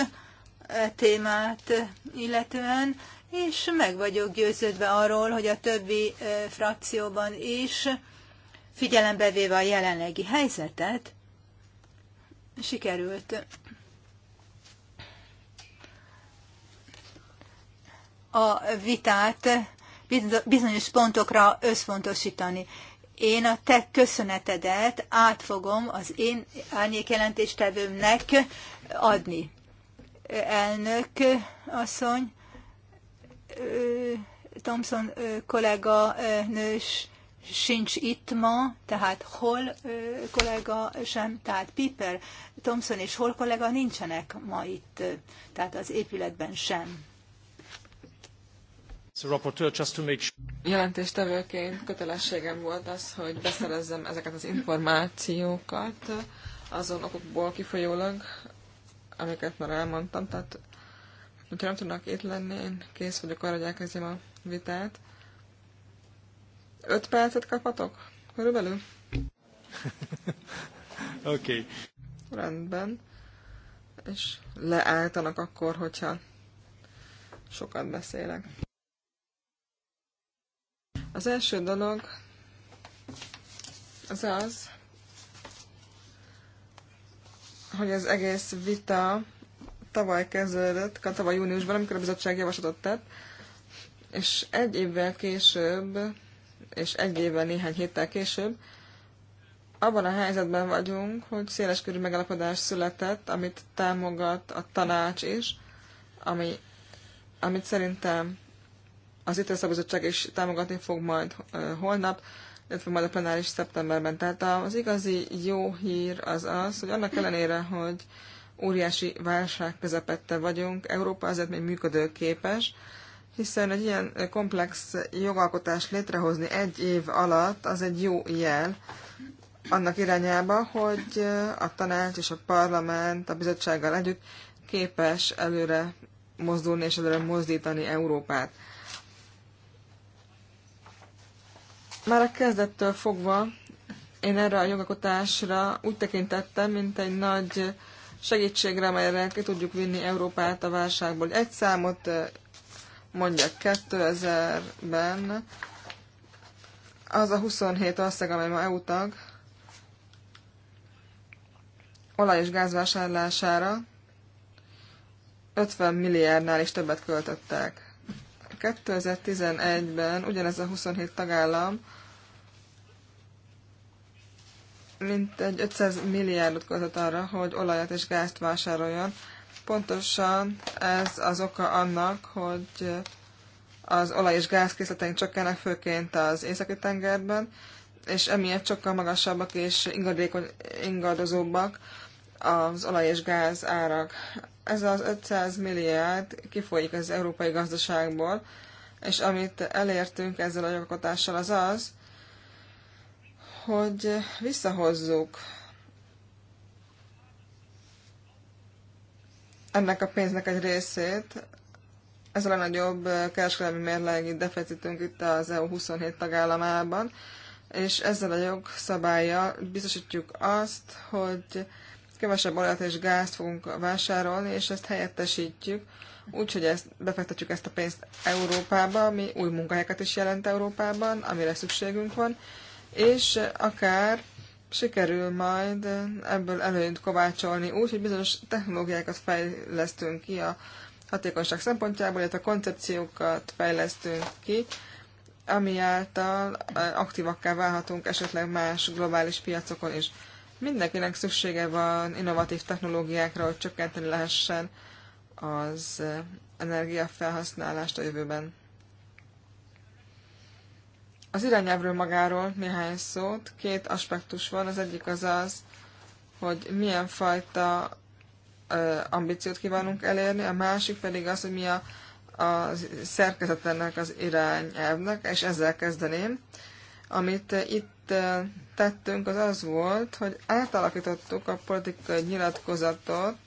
e témát illetően, és meg vagyok győződve arról, hogy a többi frakcióban is figyelembe véve a jelenlegi helyzetet, sikerült a vitát bizonyos pontokra összpontosítani. Én a te köszönetedet át fogom az én árnyékjelentéstevőmnek adni. Elnök asszony, Thompson kollega nős sincs itt ma, tehát hol kollega sem, tehát Piper, Thompson és hol kollega nincsenek ma itt, tehát az épületben sem. Jelentéstevőként kötelességem volt az, hogy beszerezzem ezeket az információkat azon okokból kifolyólag, amiket már elmondtam. Tehát, hogyha nem tudnak itt lenni, én kész vagyok arra, hogy elkezdjem a vitát. Öt percet kaphatok? Körülbelül? Oké. okay. Rendben. És leálltanak akkor, hogyha sokat beszélek. Az első dolog az az, hogy az egész vita tavaly kezdődött, tavaly júniusban, amikor a bizottság javaslatot tett, és egy évvel később, és egy évvel néhány héttel később, abban a helyzetben vagyunk, hogy széleskörű megalapodás született, amit támogat a tanács is, ami, amit szerintem az ITRE is támogatni fog majd holnap, illetve majd a plenáris szeptemberben. Tehát az igazi jó hír az az, hogy annak ellenére, hogy óriási válság közepette vagyunk, Európa azért még működőképes, hiszen egy ilyen komplex jogalkotást létrehozni egy év alatt az egy jó jel annak irányába, hogy a tanács és a parlament a bizottsággal együtt képes előre mozdulni és előre mozdítani Európát. Már a kezdettől fogva én erre a jogakotásra úgy tekintettem, mint egy nagy segítségre, amelyre ki tudjuk vinni Európát a válságból. Egy számot mondjak 2000-ben, az a 27 ország, amely ma EU tag, olaj- és gázvásárlására 50 milliárdnál is többet költöttek. 2011-ben ugyanez a 27 tagállam mint egy 500 milliárdot költött arra, hogy olajat és gázt vásároljon. Pontosan ez az oka annak, hogy az olaj- és gáz készleteink csökkennek, főként az északi tengerben, és emiatt sokkal magasabbak és ingadékony, ingadozóbbak az olaj és gáz árak. Ez az 500 milliárd kifolyik az európai gazdaságból, és amit elértünk ezzel a jogkotással az az, hogy visszahozzuk ennek a pénznek egy részét. Ez a legnagyobb kereskedelmi mérlegi deficitünk itt az EU 27 tagállamában, és ezzel a jogszabályjal biztosítjuk azt, hogy kevesebb olajat és gázt fogunk vásárolni, és ezt helyettesítjük, úgyhogy ezt, befektetjük ezt a pénzt Európába, ami új munkahelyeket is jelent Európában, amire szükségünk van, és akár sikerül majd ebből előnyt kovácsolni úgy, hogy bizonyos technológiákat fejlesztünk ki a hatékonyság szempontjából, illetve koncepciókat fejlesztünk ki, ami által aktívakká válhatunk esetleg más globális piacokon is. Mindenkinek szüksége van innovatív technológiákra, hogy csökkenteni lehessen az energiafelhasználást a jövőben. Az irányelvről magáról néhány szót. Két aspektus van. Az egyik az az, hogy milyen fajta ambíciót kívánunk elérni, a másik pedig az, hogy mi a, a szerkezet ennek az irányelvnek, és ezzel kezdeném. Amit itt tettünk, az az volt, hogy átalakítottuk a politikai nyilatkozatot,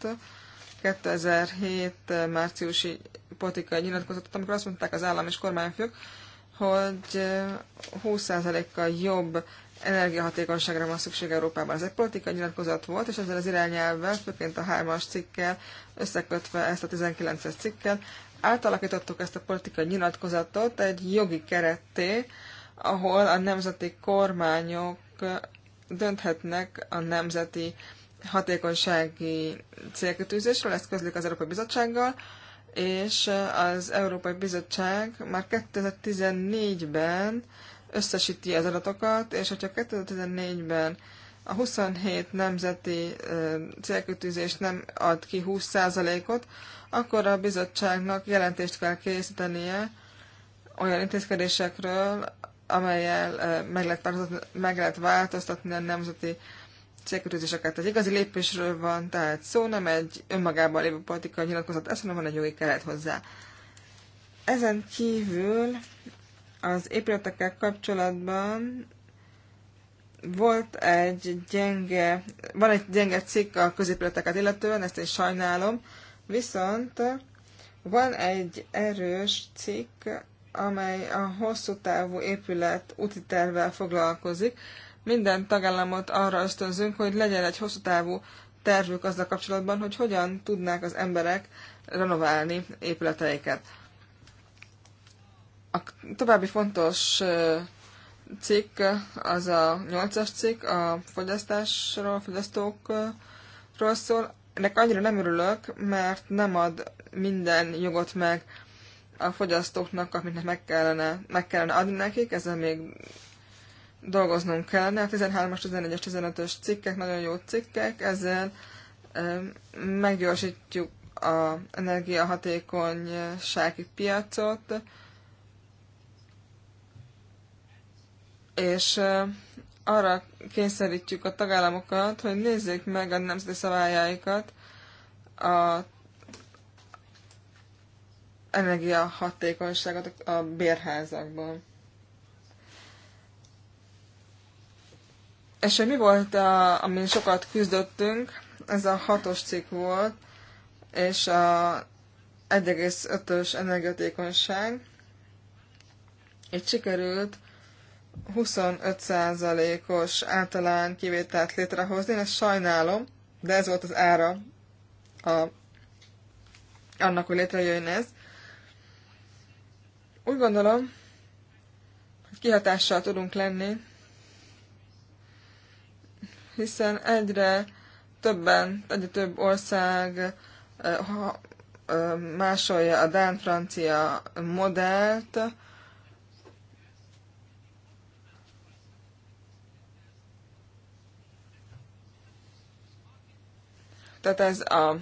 2007 márciusi politikai nyilatkozatot, amikor azt mondták az állam és kormányfők, hogy 20%-kal jobb energiahatékonyságra van szükség Európában. Ez egy politikai nyilatkozat volt, és ezzel az irányelvvel, főként a 3-as cikkel, összekötve ezt a 19-es cikkel, átalakítottuk ezt a politikai nyilatkozatot egy jogi keretté, ahol a nemzeti kormányok dönthetnek a nemzeti hatékonysági célkötőzésről, ezt közlik az Európai Bizottsággal, és az Európai Bizottság már 2014-ben összesíti az adatokat, és hogyha 2014-ben a 27 nemzeti célkötőzés nem ad ki 20%-ot, akkor a bizottságnak jelentést kell készítenie olyan intézkedésekről, amelyel meg lehet, meg lehet változtatni a nemzeti célkötőzéseket. Egy igazi lépésről van tehát szó, nem egy önmagában lévő politikai nyilatkozat, ez hanem van egy jogi keret hozzá. Ezen kívül az épületekkel kapcsolatban volt egy gyenge, van egy gyenge cikk a középületeket illetően, ezt én sajnálom, viszont van egy erős cikk amely a hosszú távú épület úti tervvel foglalkozik. Minden tagállamot arra ösztönzünk, hogy legyen egy hosszú távú tervük azzal kapcsolatban, hogy hogyan tudnák az emberek renoválni épületeiket. A további fontos cikk az a nyolcas cikk, a fogyasztásról, fogyasztókról szól. Ennek annyira nem örülök, mert nem ad minden jogot meg a fogyasztóknak, amit meg kellene, meg kellene adni nekik, ezzel még dolgoznunk kellene. A 13-as, 14-es, 15-ös cikkek nagyon jó cikkek, ezzel meggyorsítjuk az energiahatékonysági piacot, és arra kényszerítjük a tagállamokat, hogy nézzék meg a nemzeti szabályáikat a energia hatékonyságot a bérházakban. És hogy mi volt, a, amin sokat küzdöttünk, ez a hatos cikk volt, és a 1,5-ös energiatékonyság. Itt sikerült 25%-os általán kivételt létrehozni, én ezt sajnálom, de ez volt az ára a, annak, hogy létrejön ez. Úgy gondolom, hogy kihatással tudunk lenni, hiszen egyre többen, egyre több ország eh, ha, eh, másolja a Dán-Francia modellt, tehát ez a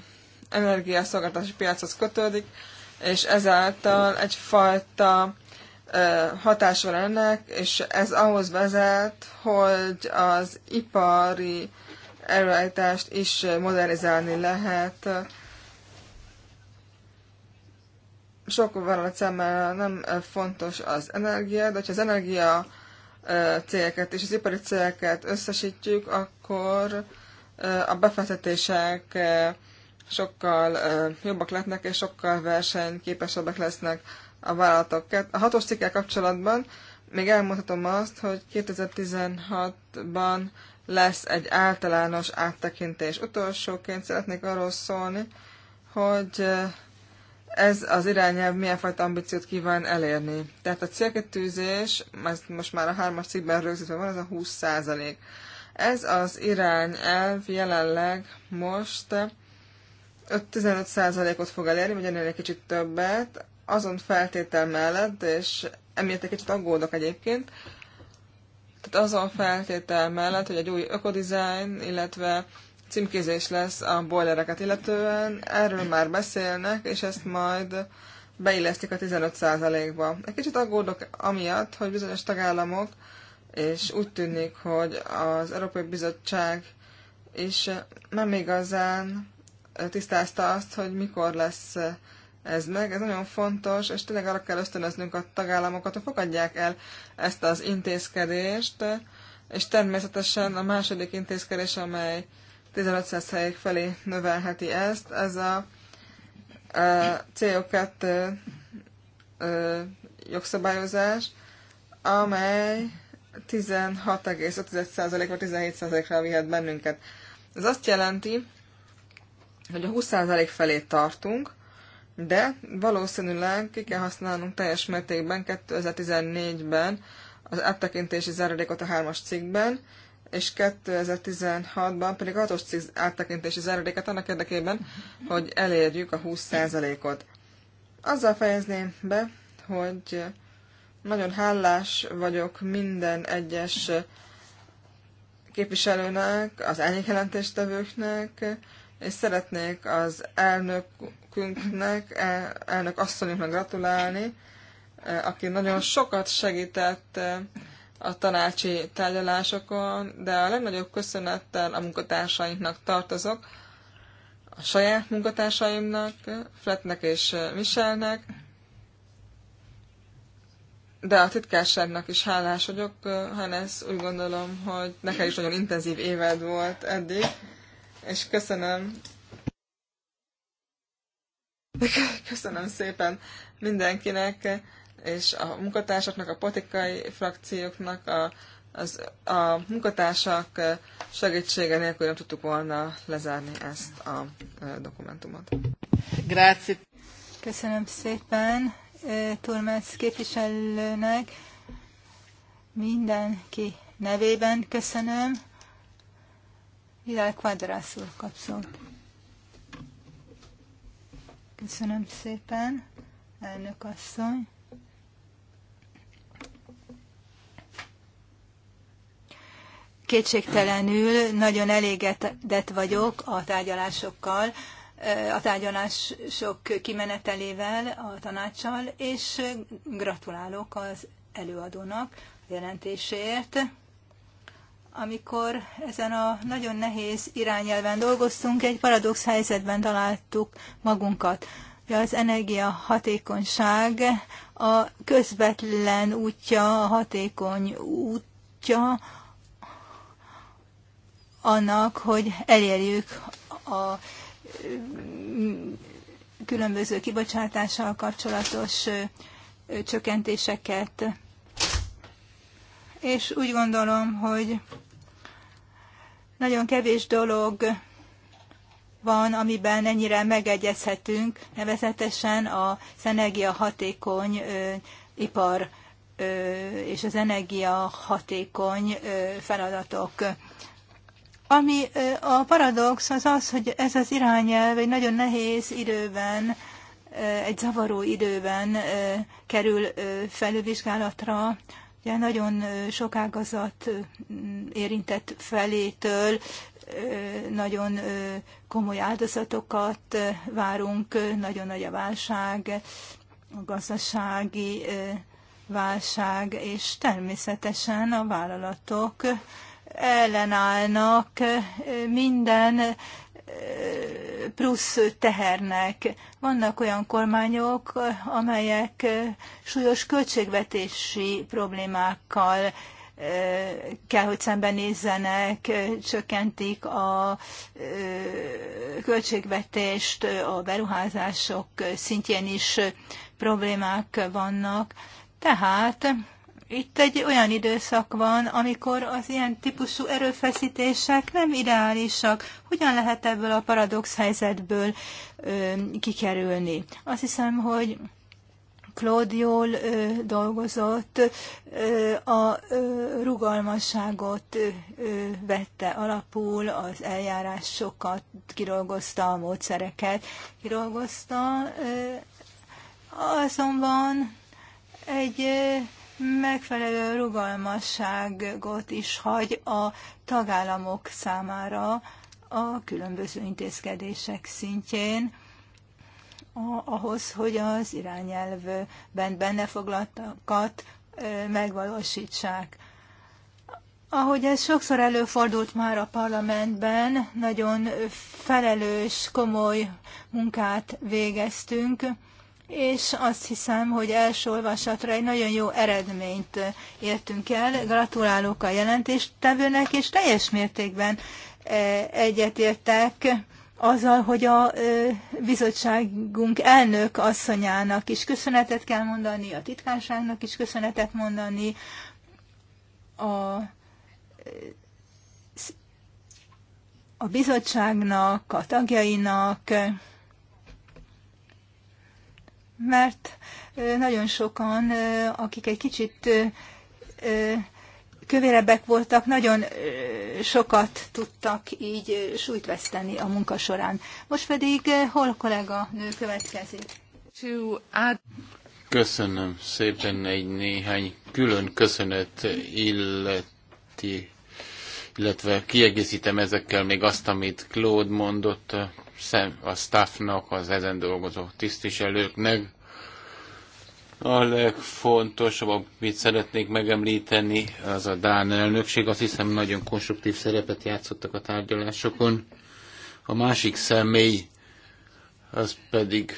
energiaszolgáltatási piachoz kötődik, és ezáltal egyfajta hatás van ennek, és ez ahhoz vezet, hogy az ipari előállítást is modernizálni lehet. Sok vállalat számára nem fontos az energia, de ha az energia célket és az ipari célket összesítjük, akkor a befektetések sokkal jobbak lettnek, és sokkal versenyképesebbek lesznek a vállalatok. A hatos cikkel kapcsolatban még elmondhatom azt, hogy 2016-ban lesz egy általános áttekintés. Utolsóként szeretnék arról szólni, hogy ez az irányelv milyen fajta ambíciót kíván elérni. Tehát a célkitűzés, ez most már a hármas cikkben rögzítve van, ez a 20 százalék. Ez az irányelv jelenleg most 15%-ot fog elérni, vagy ennél egy kicsit többet, azon feltétel mellett, és emiatt egy kicsit aggódok egyébként, tehát azon feltétel mellett, hogy egy új ökodizájn, illetve címkézés lesz a boilereket illetően, erről már beszélnek, és ezt majd beillesztik a 15%-ba. Egy kicsit aggódok amiatt, hogy bizonyos tagállamok, és úgy tűnik, hogy az Európai Bizottság is nem igazán tisztázta azt, hogy mikor lesz ez meg. Ez nagyon fontos, és tényleg arra kell ösztönöznünk a tagállamokat, hogy fogadják el ezt az intézkedést, és természetesen a második intézkedés, amely 1500 helyek felé növelheti ezt, ez a, a CO2 jogszabályozás, amely 16,5%-ra 17%-ra vihet bennünket. Ez azt jelenti, hogy a 20% felé tartunk, de valószínűleg ki kell használnunk teljes mértékben 2014-ben az áttekintési zárulékot a 3-as cikkben, és 2016-ban pedig a 6-os cikk áttekintési zárulékát annak érdekében, hogy elérjük a 20%-ot. Azzal fejezném be, hogy nagyon hálás vagyok minden egyes képviselőnek, az elnyékjelentéstevőknek, jelentéstevőknek, és szeretnék az elnökünknek, e, elnök asszonyunknak gratulálni, e, aki nagyon sokat segített e, a tanácsi tárgyalásokon, de a legnagyobb köszönettel a munkatársainknak tartozok, a saját munkatársaimnak, Fletnek és Michelnek, de a titkárságnak is hálás vagyok, Hannes, úgy gondolom, hogy neked is nagyon intenzív éved volt eddig, és köszönöm köszönöm szépen mindenkinek, és a munkatársaknak, a politikai frakcióknak, a, az, a munkatársak segítsége nélkül nem tudtuk volna lezárni ezt a dokumentumot. Grazie. Köszönöm szépen Turmász képviselőnek. Mindenki nevében köszönöm. Vidal Quadras úr kap Köszönöm szépen, elnök asszony. Kétségtelenül nagyon elégedett vagyok a tárgyalásokkal, a tárgyalások kimenetelével, a tanácssal, és gratulálok az előadónak a jelentéséért amikor ezen a nagyon nehéz irányelven dolgoztunk, egy paradox helyzetben találtuk magunkat. Az energia hatékonyság a közvetlen útja, a hatékony útja annak, hogy elérjük a mm, különböző kibocsátással kapcsolatos csökkentéseket és úgy gondolom, hogy nagyon kevés dolog van, amiben ennyire megegyezhetünk, nevezetesen az energiahatékony ö, ipar ö, és az energiahatékony ö, feladatok. Ami ö, a paradox az az, hogy ez az irányelv egy nagyon nehéz időben, ö, egy zavaró időben ö, kerül ö, felülvizsgálatra, Ugye nagyon sok ágazat érintett felétől nagyon komoly áldozatokat várunk, nagyon nagy a válság, a gazdasági válság, és természetesen a vállalatok ellenállnak minden plusz tehernek. Vannak olyan kormányok, amelyek súlyos költségvetési problémákkal kell, hogy szembenézzenek, csökkentik a költségvetést, a beruházások szintjén is problémák vannak. Tehát itt egy olyan időszak van, amikor az ilyen típusú erőfeszítések nem ideálisak. Hogyan lehet ebből a paradox helyzetből ö, kikerülni? Azt hiszem, hogy Claude jól ö, dolgozott, ö, a ö, rugalmasságot ö, vette alapul, az eljárásokat kidolgozta, a módszereket kidolgozta, ö, azonban egy ö, megfelelő rugalmasságot is hagy a tagállamok számára a különböző intézkedések szintjén ahhoz, hogy az irányelvben benne foglaltakat megvalósítsák. Ahogy ez sokszor előfordult már a parlamentben, nagyon felelős, komoly munkát végeztünk és azt hiszem, hogy első olvasatra egy nagyon jó eredményt értünk el. Gratulálok a jelentéstevőnek, és teljes mértékben e, egyetértek azzal, hogy a e, bizottságunk elnök asszonyának is köszönetet kell mondani, a titkárságnak is köszönetet mondani, a, e, a bizottságnak, a tagjainak, mert nagyon sokan, akik egy kicsit kövérebbek voltak, nagyon sokat tudtak így súlyt veszteni a munka során. Most pedig hol kollega nő következik? Köszönöm szépen egy néhány külön köszönet illeti, illetve kiegészítem ezekkel még azt, amit Claude mondott a staffnak, az ezen dolgozó tisztviselőknek. A legfontosabb, amit szeretnék megemlíteni, az a Dán elnökség. Azt hiszem, nagyon konstruktív szerepet játszottak a tárgyalásokon. A másik személy, az pedig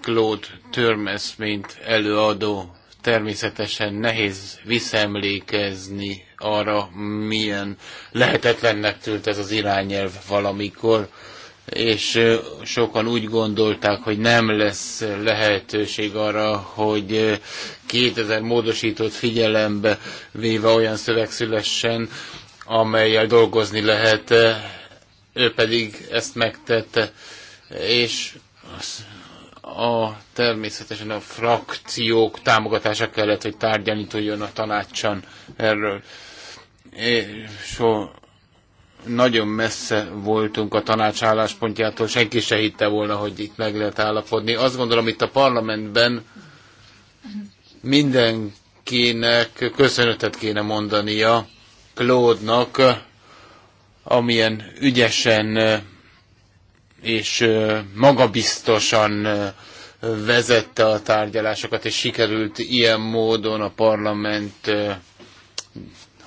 Claude Törmes, mint előadó. Természetesen nehéz visszaemlékezni arra, milyen lehetetlennek tűnt ez az irányelv valamikor és sokan úgy gondolták, hogy nem lesz lehetőség arra, hogy 2000 módosított figyelembe véve olyan szöveg szülessen, amelyel dolgozni lehet. Ő pedig ezt megtette, és a, természetesen a frakciók támogatása kellett, hogy tárgyalni tudjon a tanácsan erről. És so, nagyon messze voltunk a tanács álláspontjától, senki se hitte volna, hogy itt meg lehet állapodni. Azt gondolom, itt a parlamentben mindenkinek köszönetet kéne mondania Klódnak, amilyen ügyesen és magabiztosan vezette a tárgyalásokat, és sikerült ilyen módon a parlament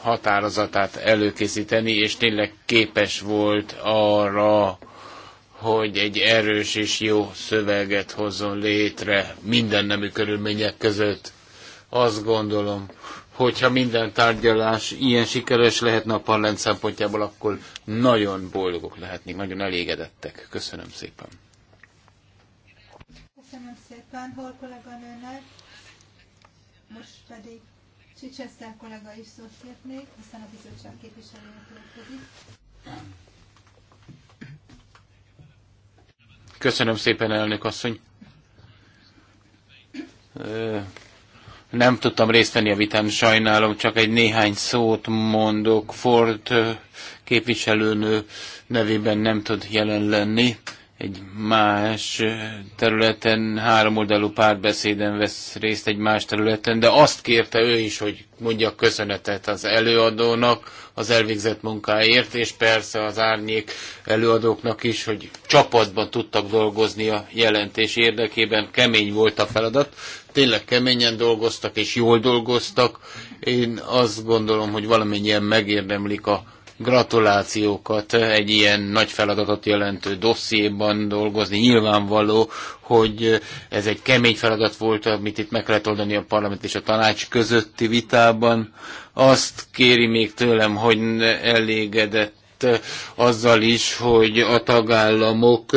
határozatát előkészíteni, és tényleg képes volt arra, hogy egy erős és jó szöveget hozzon létre minden nemű körülmények között. Azt gondolom, hogyha minden tárgyalás ilyen sikeres lehetne a parlament szempontjából, akkor nagyon boldogok lehetnénk, nagyon elégedettek. Köszönöm szépen. Köszönöm szépen, hol kolléganőnek. Most pedig Csicseszter kollega is szót kérnék, hiszen a bizottság képviselője következik. Köszönöm szépen, elnök asszony. Nem tudtam részt venni a vitán, sajnálom, csak egy néhány szót mondok. Ford képviselőnő nevében nem tud jelen lenni, egy más területen, háromoldalú párbeszéden vesz részt egy más területen, de azt kérte ő is, hogy mondja köszönetet az előadónak az elvégzett munkáért, és persze az árnyék előadóknak is, hogy csapatban tudtak dolgozni a jelentés érdekében. Kemény volt a feladat, tényleg keményen dolgoztak, és jól dolgoztak. Én azt gondolom, hogy valamennyien megérdemlik a gratulációkat egy ilyen nagy feladatot jelentő dossziéban dolgozni. Nyilvánvaló, hogy ez egy kemény feladat volt, amit itt meg kellett oldani a parlament és a tanács közötti vitában. Azt kéri még tőlem, hogy elégedett azzal is, hogy a tagállamok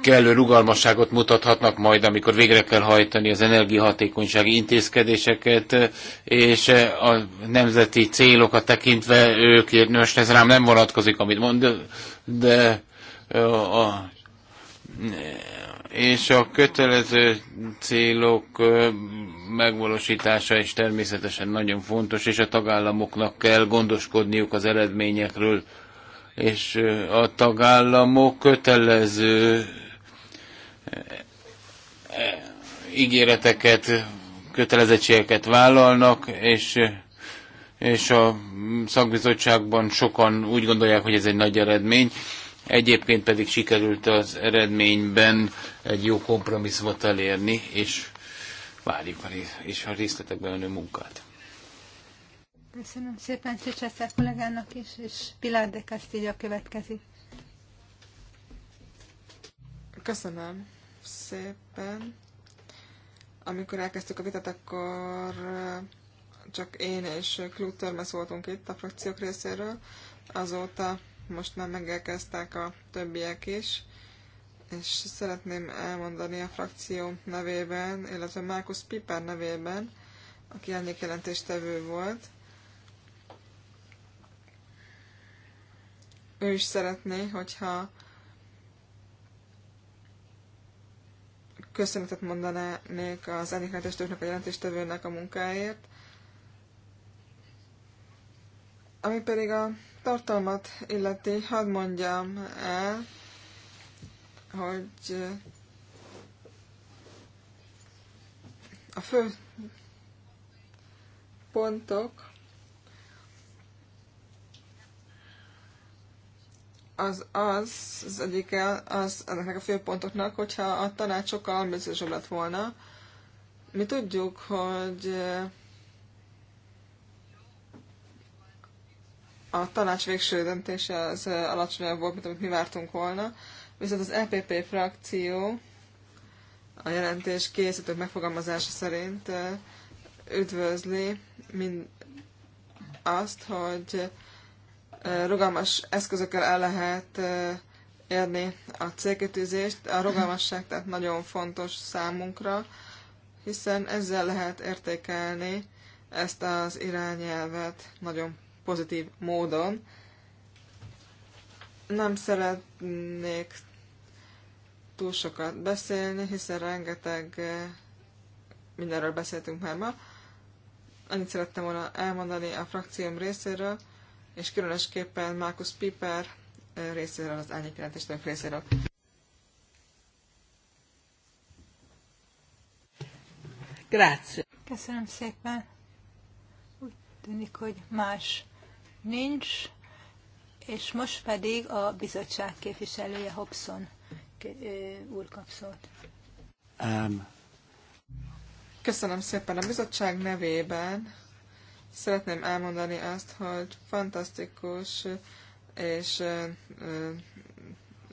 kellő rugalmasságot mutathatnak majd, amikor végre kell hajtani az energiahatékonysági intézkedéseket, és a nemzeti célokat tekintve ők, most ez rám nem vonatkozik, amit mond, de a, és a kötelező célok megvalósítása is természetesen nagyon fontos, és a tagállamoknak kell gondoskodniuk az eredményekről, és a tagállamok kötelező ígéreteket, kötelezettségeket vállalnak, és, és a szakbizottságban sokan úgy gondolják, hogy ez egy nagy eredmény. Egyébként pedig sikerült az eredményben egy jó kompromisszumot elérni, és várjuk a, és a részletekben önő munkát. Köszönöm szépen Csicseszek kollégának is, és Pilar de Castilla következik. Köszönöm szépen. Amikor elkezdtük a vitát, akkor uh, csak én és Klub Törmesz voltunk itt a frakciók részéről. Azóta most már megelkeztek a többiek is, és szeretném elmondani a frakció nevében, illetve Márkusz Piper nevében, aki ennyi jelentéstevő volt. Ő is szeretné, hogyha köszönetet mondanék az ennek a jelentéstevőnek a munkáért. Ami pedig a tartalmat illeti, hadd mondjam el, hogy a fő pontok az, az, az el, az ennek a főpontoknak, hogyha a tanács sokkal ambiciózusabb lett volna. Mi tudjuk, hogy eh, a tanács végső döntése az eh, alacsonyabb volt, mint amit mi vártunk volna, viszont az EPP frakció a jelentés készítők megfogalmazása szerint eh, üdvözli mind azt, hogy rugalmas eszközökkel el lehet érni a célkitűzést. A rugalmasság tehát nagyon fontos számunkra, hiszen ezzel lehet értékelni ezt az irányelvet nagyon pozitív módon. Nem szeretnék túl sokat beszélni, hiszen rengeteg mindenről beszéltünk már ma. Annyit szerettem volna elmondani a frakcióm részéről, és különösképpen Markus Piper részéről, az elnyék jelentéstőnk részéről. Grazie. Köszönöm szépen. Úgy tűnik, hogy más nincs, és most pedig a bizottság képviselője Hobson úr kap szót. Um. Köszönöm szépen a bizottság nevében Szeretném elmondani azt, hogy fantasztikus és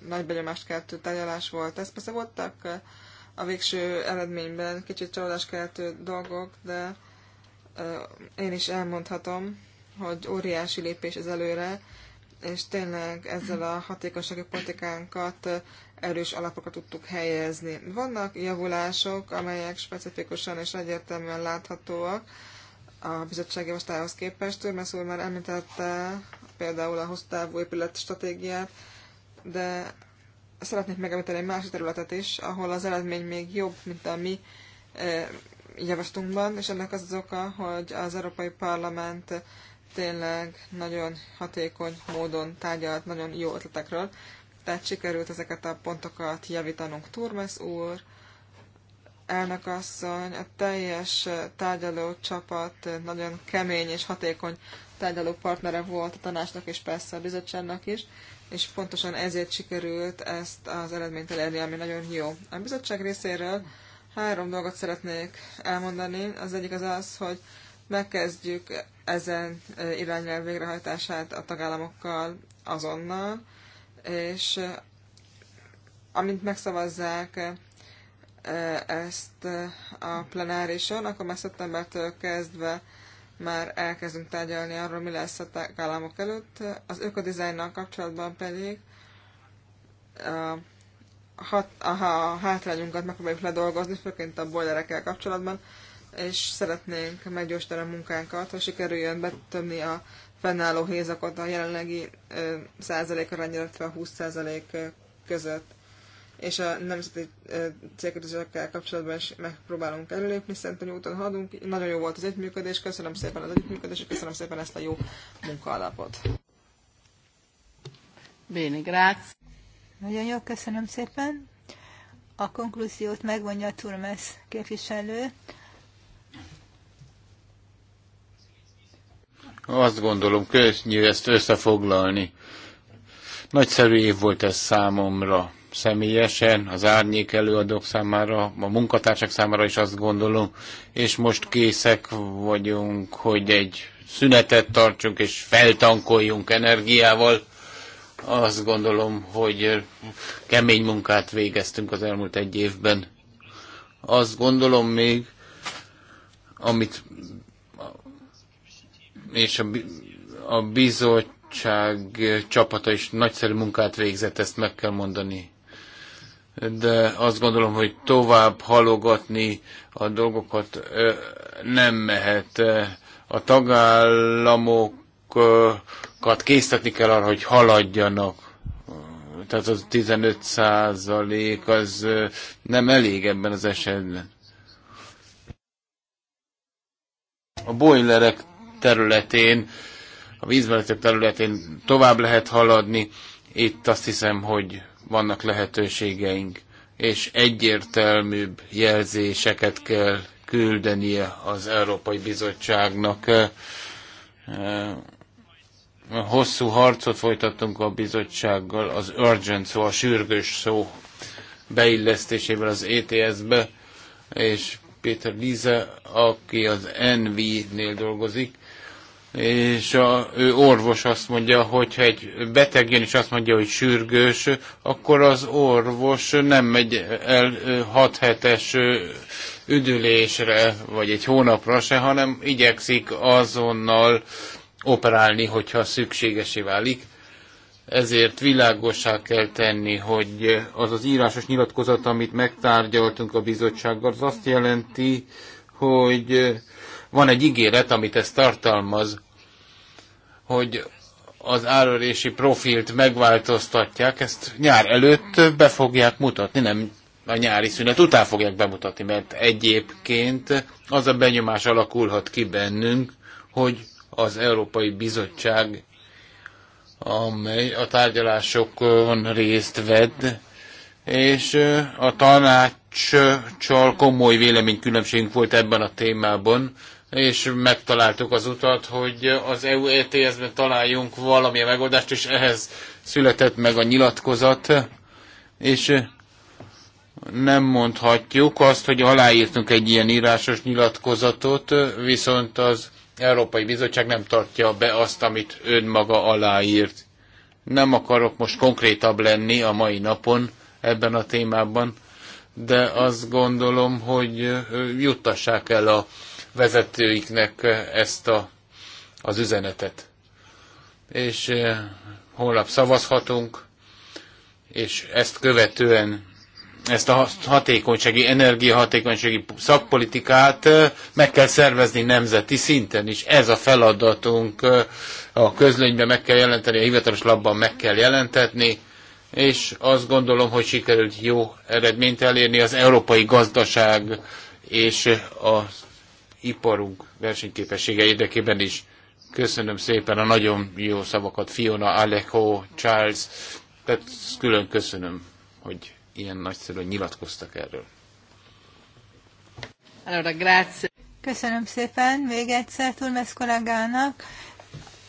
nagy benyomást keltő tárgyalás volt. Ez persze voltak a végső eredményben kicsit csalódás keltő dolgok, de én is elmondhatom, hogy óriási lépés ez előre, és tényleg ezzel a hatékonysági politikánkat erős alapokat tudtuk helyezni. Vannak javulások, amelyek specifikusan és egyértelműen láthatóak, a bizottsági osztályhoz képest. Törmesz úr már említette például a hosszú távú épület stratégiát, de szeretnék megemlíteni egy másik területet is, ahol az eredmény még jobb, mint a mi e, javaslatunkban, és ennek az az oka, hogy az Európai Parlament tényleg nagyon hatékony módon tárgyalt nagyon jó ötletekről, tehát sikerült ezeket a pontokat javítanunk. Turmes úr elnökasszony, a teljes tárgyaló csapat nagyon kemény és hatékony tárgyaló partnere volt a tanácsnak és persze a bizottságnak is, és pontosan ezért sikerült ezt az eredményt elérni, ami nagyon jó. A bizottság részéről három dolgot szeretnék elmondani. Az egyik az az, hogy megkezdjük ezen irányelv végrehajtását a tagállamokkal azonnal, és amint megszavazzák ezt a plenárison, akkor már szeptembertől kezdve már elkezdünk tárgyalni arról, mi lesz a tagállamok előtt. Az ökodizájnnal kapcsolatban pedig a, hat, a, a hátrányunkat megpróbáljuk ledolgozni, főként a boilerekkel kapcsolatban, és szeretnénk meggyorsítani a munkánkat, hogy sikerüljön betömni a fennálló hézakot a jelenlegi százalék arányra, illetve a 20 százalék között és a nemzeti célkötőzőkkel kapcsolatban is megpróbálunk előlépni, szerintem úton haladunk. Nagyon jó volt az együttműködés, köszönöm szépen az együttműködés, és köszönöm szépen ezt a jó munkaalapot. Béni, grác. Nagyon jó, köszönöm szépen. A konklúziót megvonja a Turmes képviselő. Azt gondolom, könnyű ezt összefoglalni. Nagyszerű év volt ez számomra személyesen, az árnyék előadók számára, a munkatársak számára is azt gondolom, és most készek vagyunk, hogy egy szünetet tartsunk és feltankoljunk energiával. Azt gondolom, hogy kemény munkát végeztünk az elmúlt egy évben. Azt gondolom még, amit és a, a bizottság csapata is nagyszerű munkát végzett, ezt meg kell mondani de azt gondolom, hogy tovább halogatni a dolgokat nem mehet. A tagállamokat késztetni kell arra, hogy haladjanak. Tehát az 15 százalék az nem elég ebben az esetben. A boilerek területén, a vízmeletek területén tovább lehet haladni. Itt azt hiszem, hogy vannak lehetőségeink, és egyértelműbb jelzéseket kell küldenie az Európai Bizottságnak. Hosszú harcot folytattunk a bizottsággal az urgent szó, a sürgős szó beillesztésével az ETS-be, és Péter Lize, aki az NV-nél dolgozik, és a, ő orvos azt mondja, hogy ha egy beteg jön és azt mondja, hogy sürgős, akkor az orvos nem megy el 6 hetes üdülésre, vagy egy hónapra se, hanem igyekszik azonnal operálni, hogyha szükségesé válik. Ezért világosá kell tenni, hogy az az írásos nyilatkozat, amit megtárgyaltunk a bizottsággal, az azt jelenti, hogy van egy ígéret, amit ez tartalmaz, hogy az árelési profilt megváltoztatják, ezt nyár előtt be fogják mutatni, nem a nyári szünet után fogják bemutatni, mert egyébként az a benyomás alakulhat ki bennünk, hogy az Európai Bizottság, amely a tárgyalásokon részt vett, és a tanácssal komoly véleménykülönbségünk volt ebben a témában, és megtaláltuk az utat, hogy az EU ETS-ben találjunk valamilyen megoldást, és ehhez született meg a nyilatkozat, és nem mondhatjuk azt, hogy aláírtunk egy ilyen írásos nyilatkozatot, viszont az Európai Bizottság nem tartja be azt, amit maga aláírt. Nem akarok most konkrétabb lenni a mai napon ebben a témában, de azt gondolom, hogy juttassák el a vezetőiknek ezt a, az üzenetet. És eh, holnap szavazhatunk, és ezt követően ezt a hatékonysági, energiahatékonysági szakpolitikát eh, meg kell szervezni nemzeti szinten is. Ez a feladatunk eh, a közlönyben meg kell jelenteni, a hivatalos labban meg kell jelentetni, és azt gondolom, hogy sikerült jó eredményt elérni az európai gazdaság és az iparunk versenyképessége érdekében is. Köszönöm szépen a nagyon jó szavakat, Fiona, Alejo, Charles. Tehát külön köszönöm, hogy ilyen nagyszerűen nyilatkoztak erről. Allora, grazie. Köszönöm szépen még egyszer Turmes kollégának.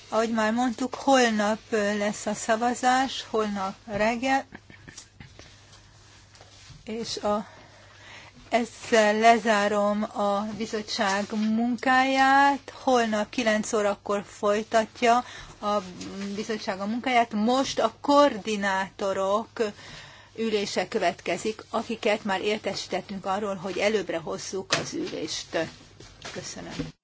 Ahogy már mondtuk, holnap lesz a szavazás, holnap reggel, és a ezzel lezárom a bizottság munkáját. Holnap 9 órakor folytatja a bizottság a munkáját. Most a koordinátorok ülése következik, akiket már értesítettünk arról, hogy előbbre hozzuk az ülést. Köszönöm.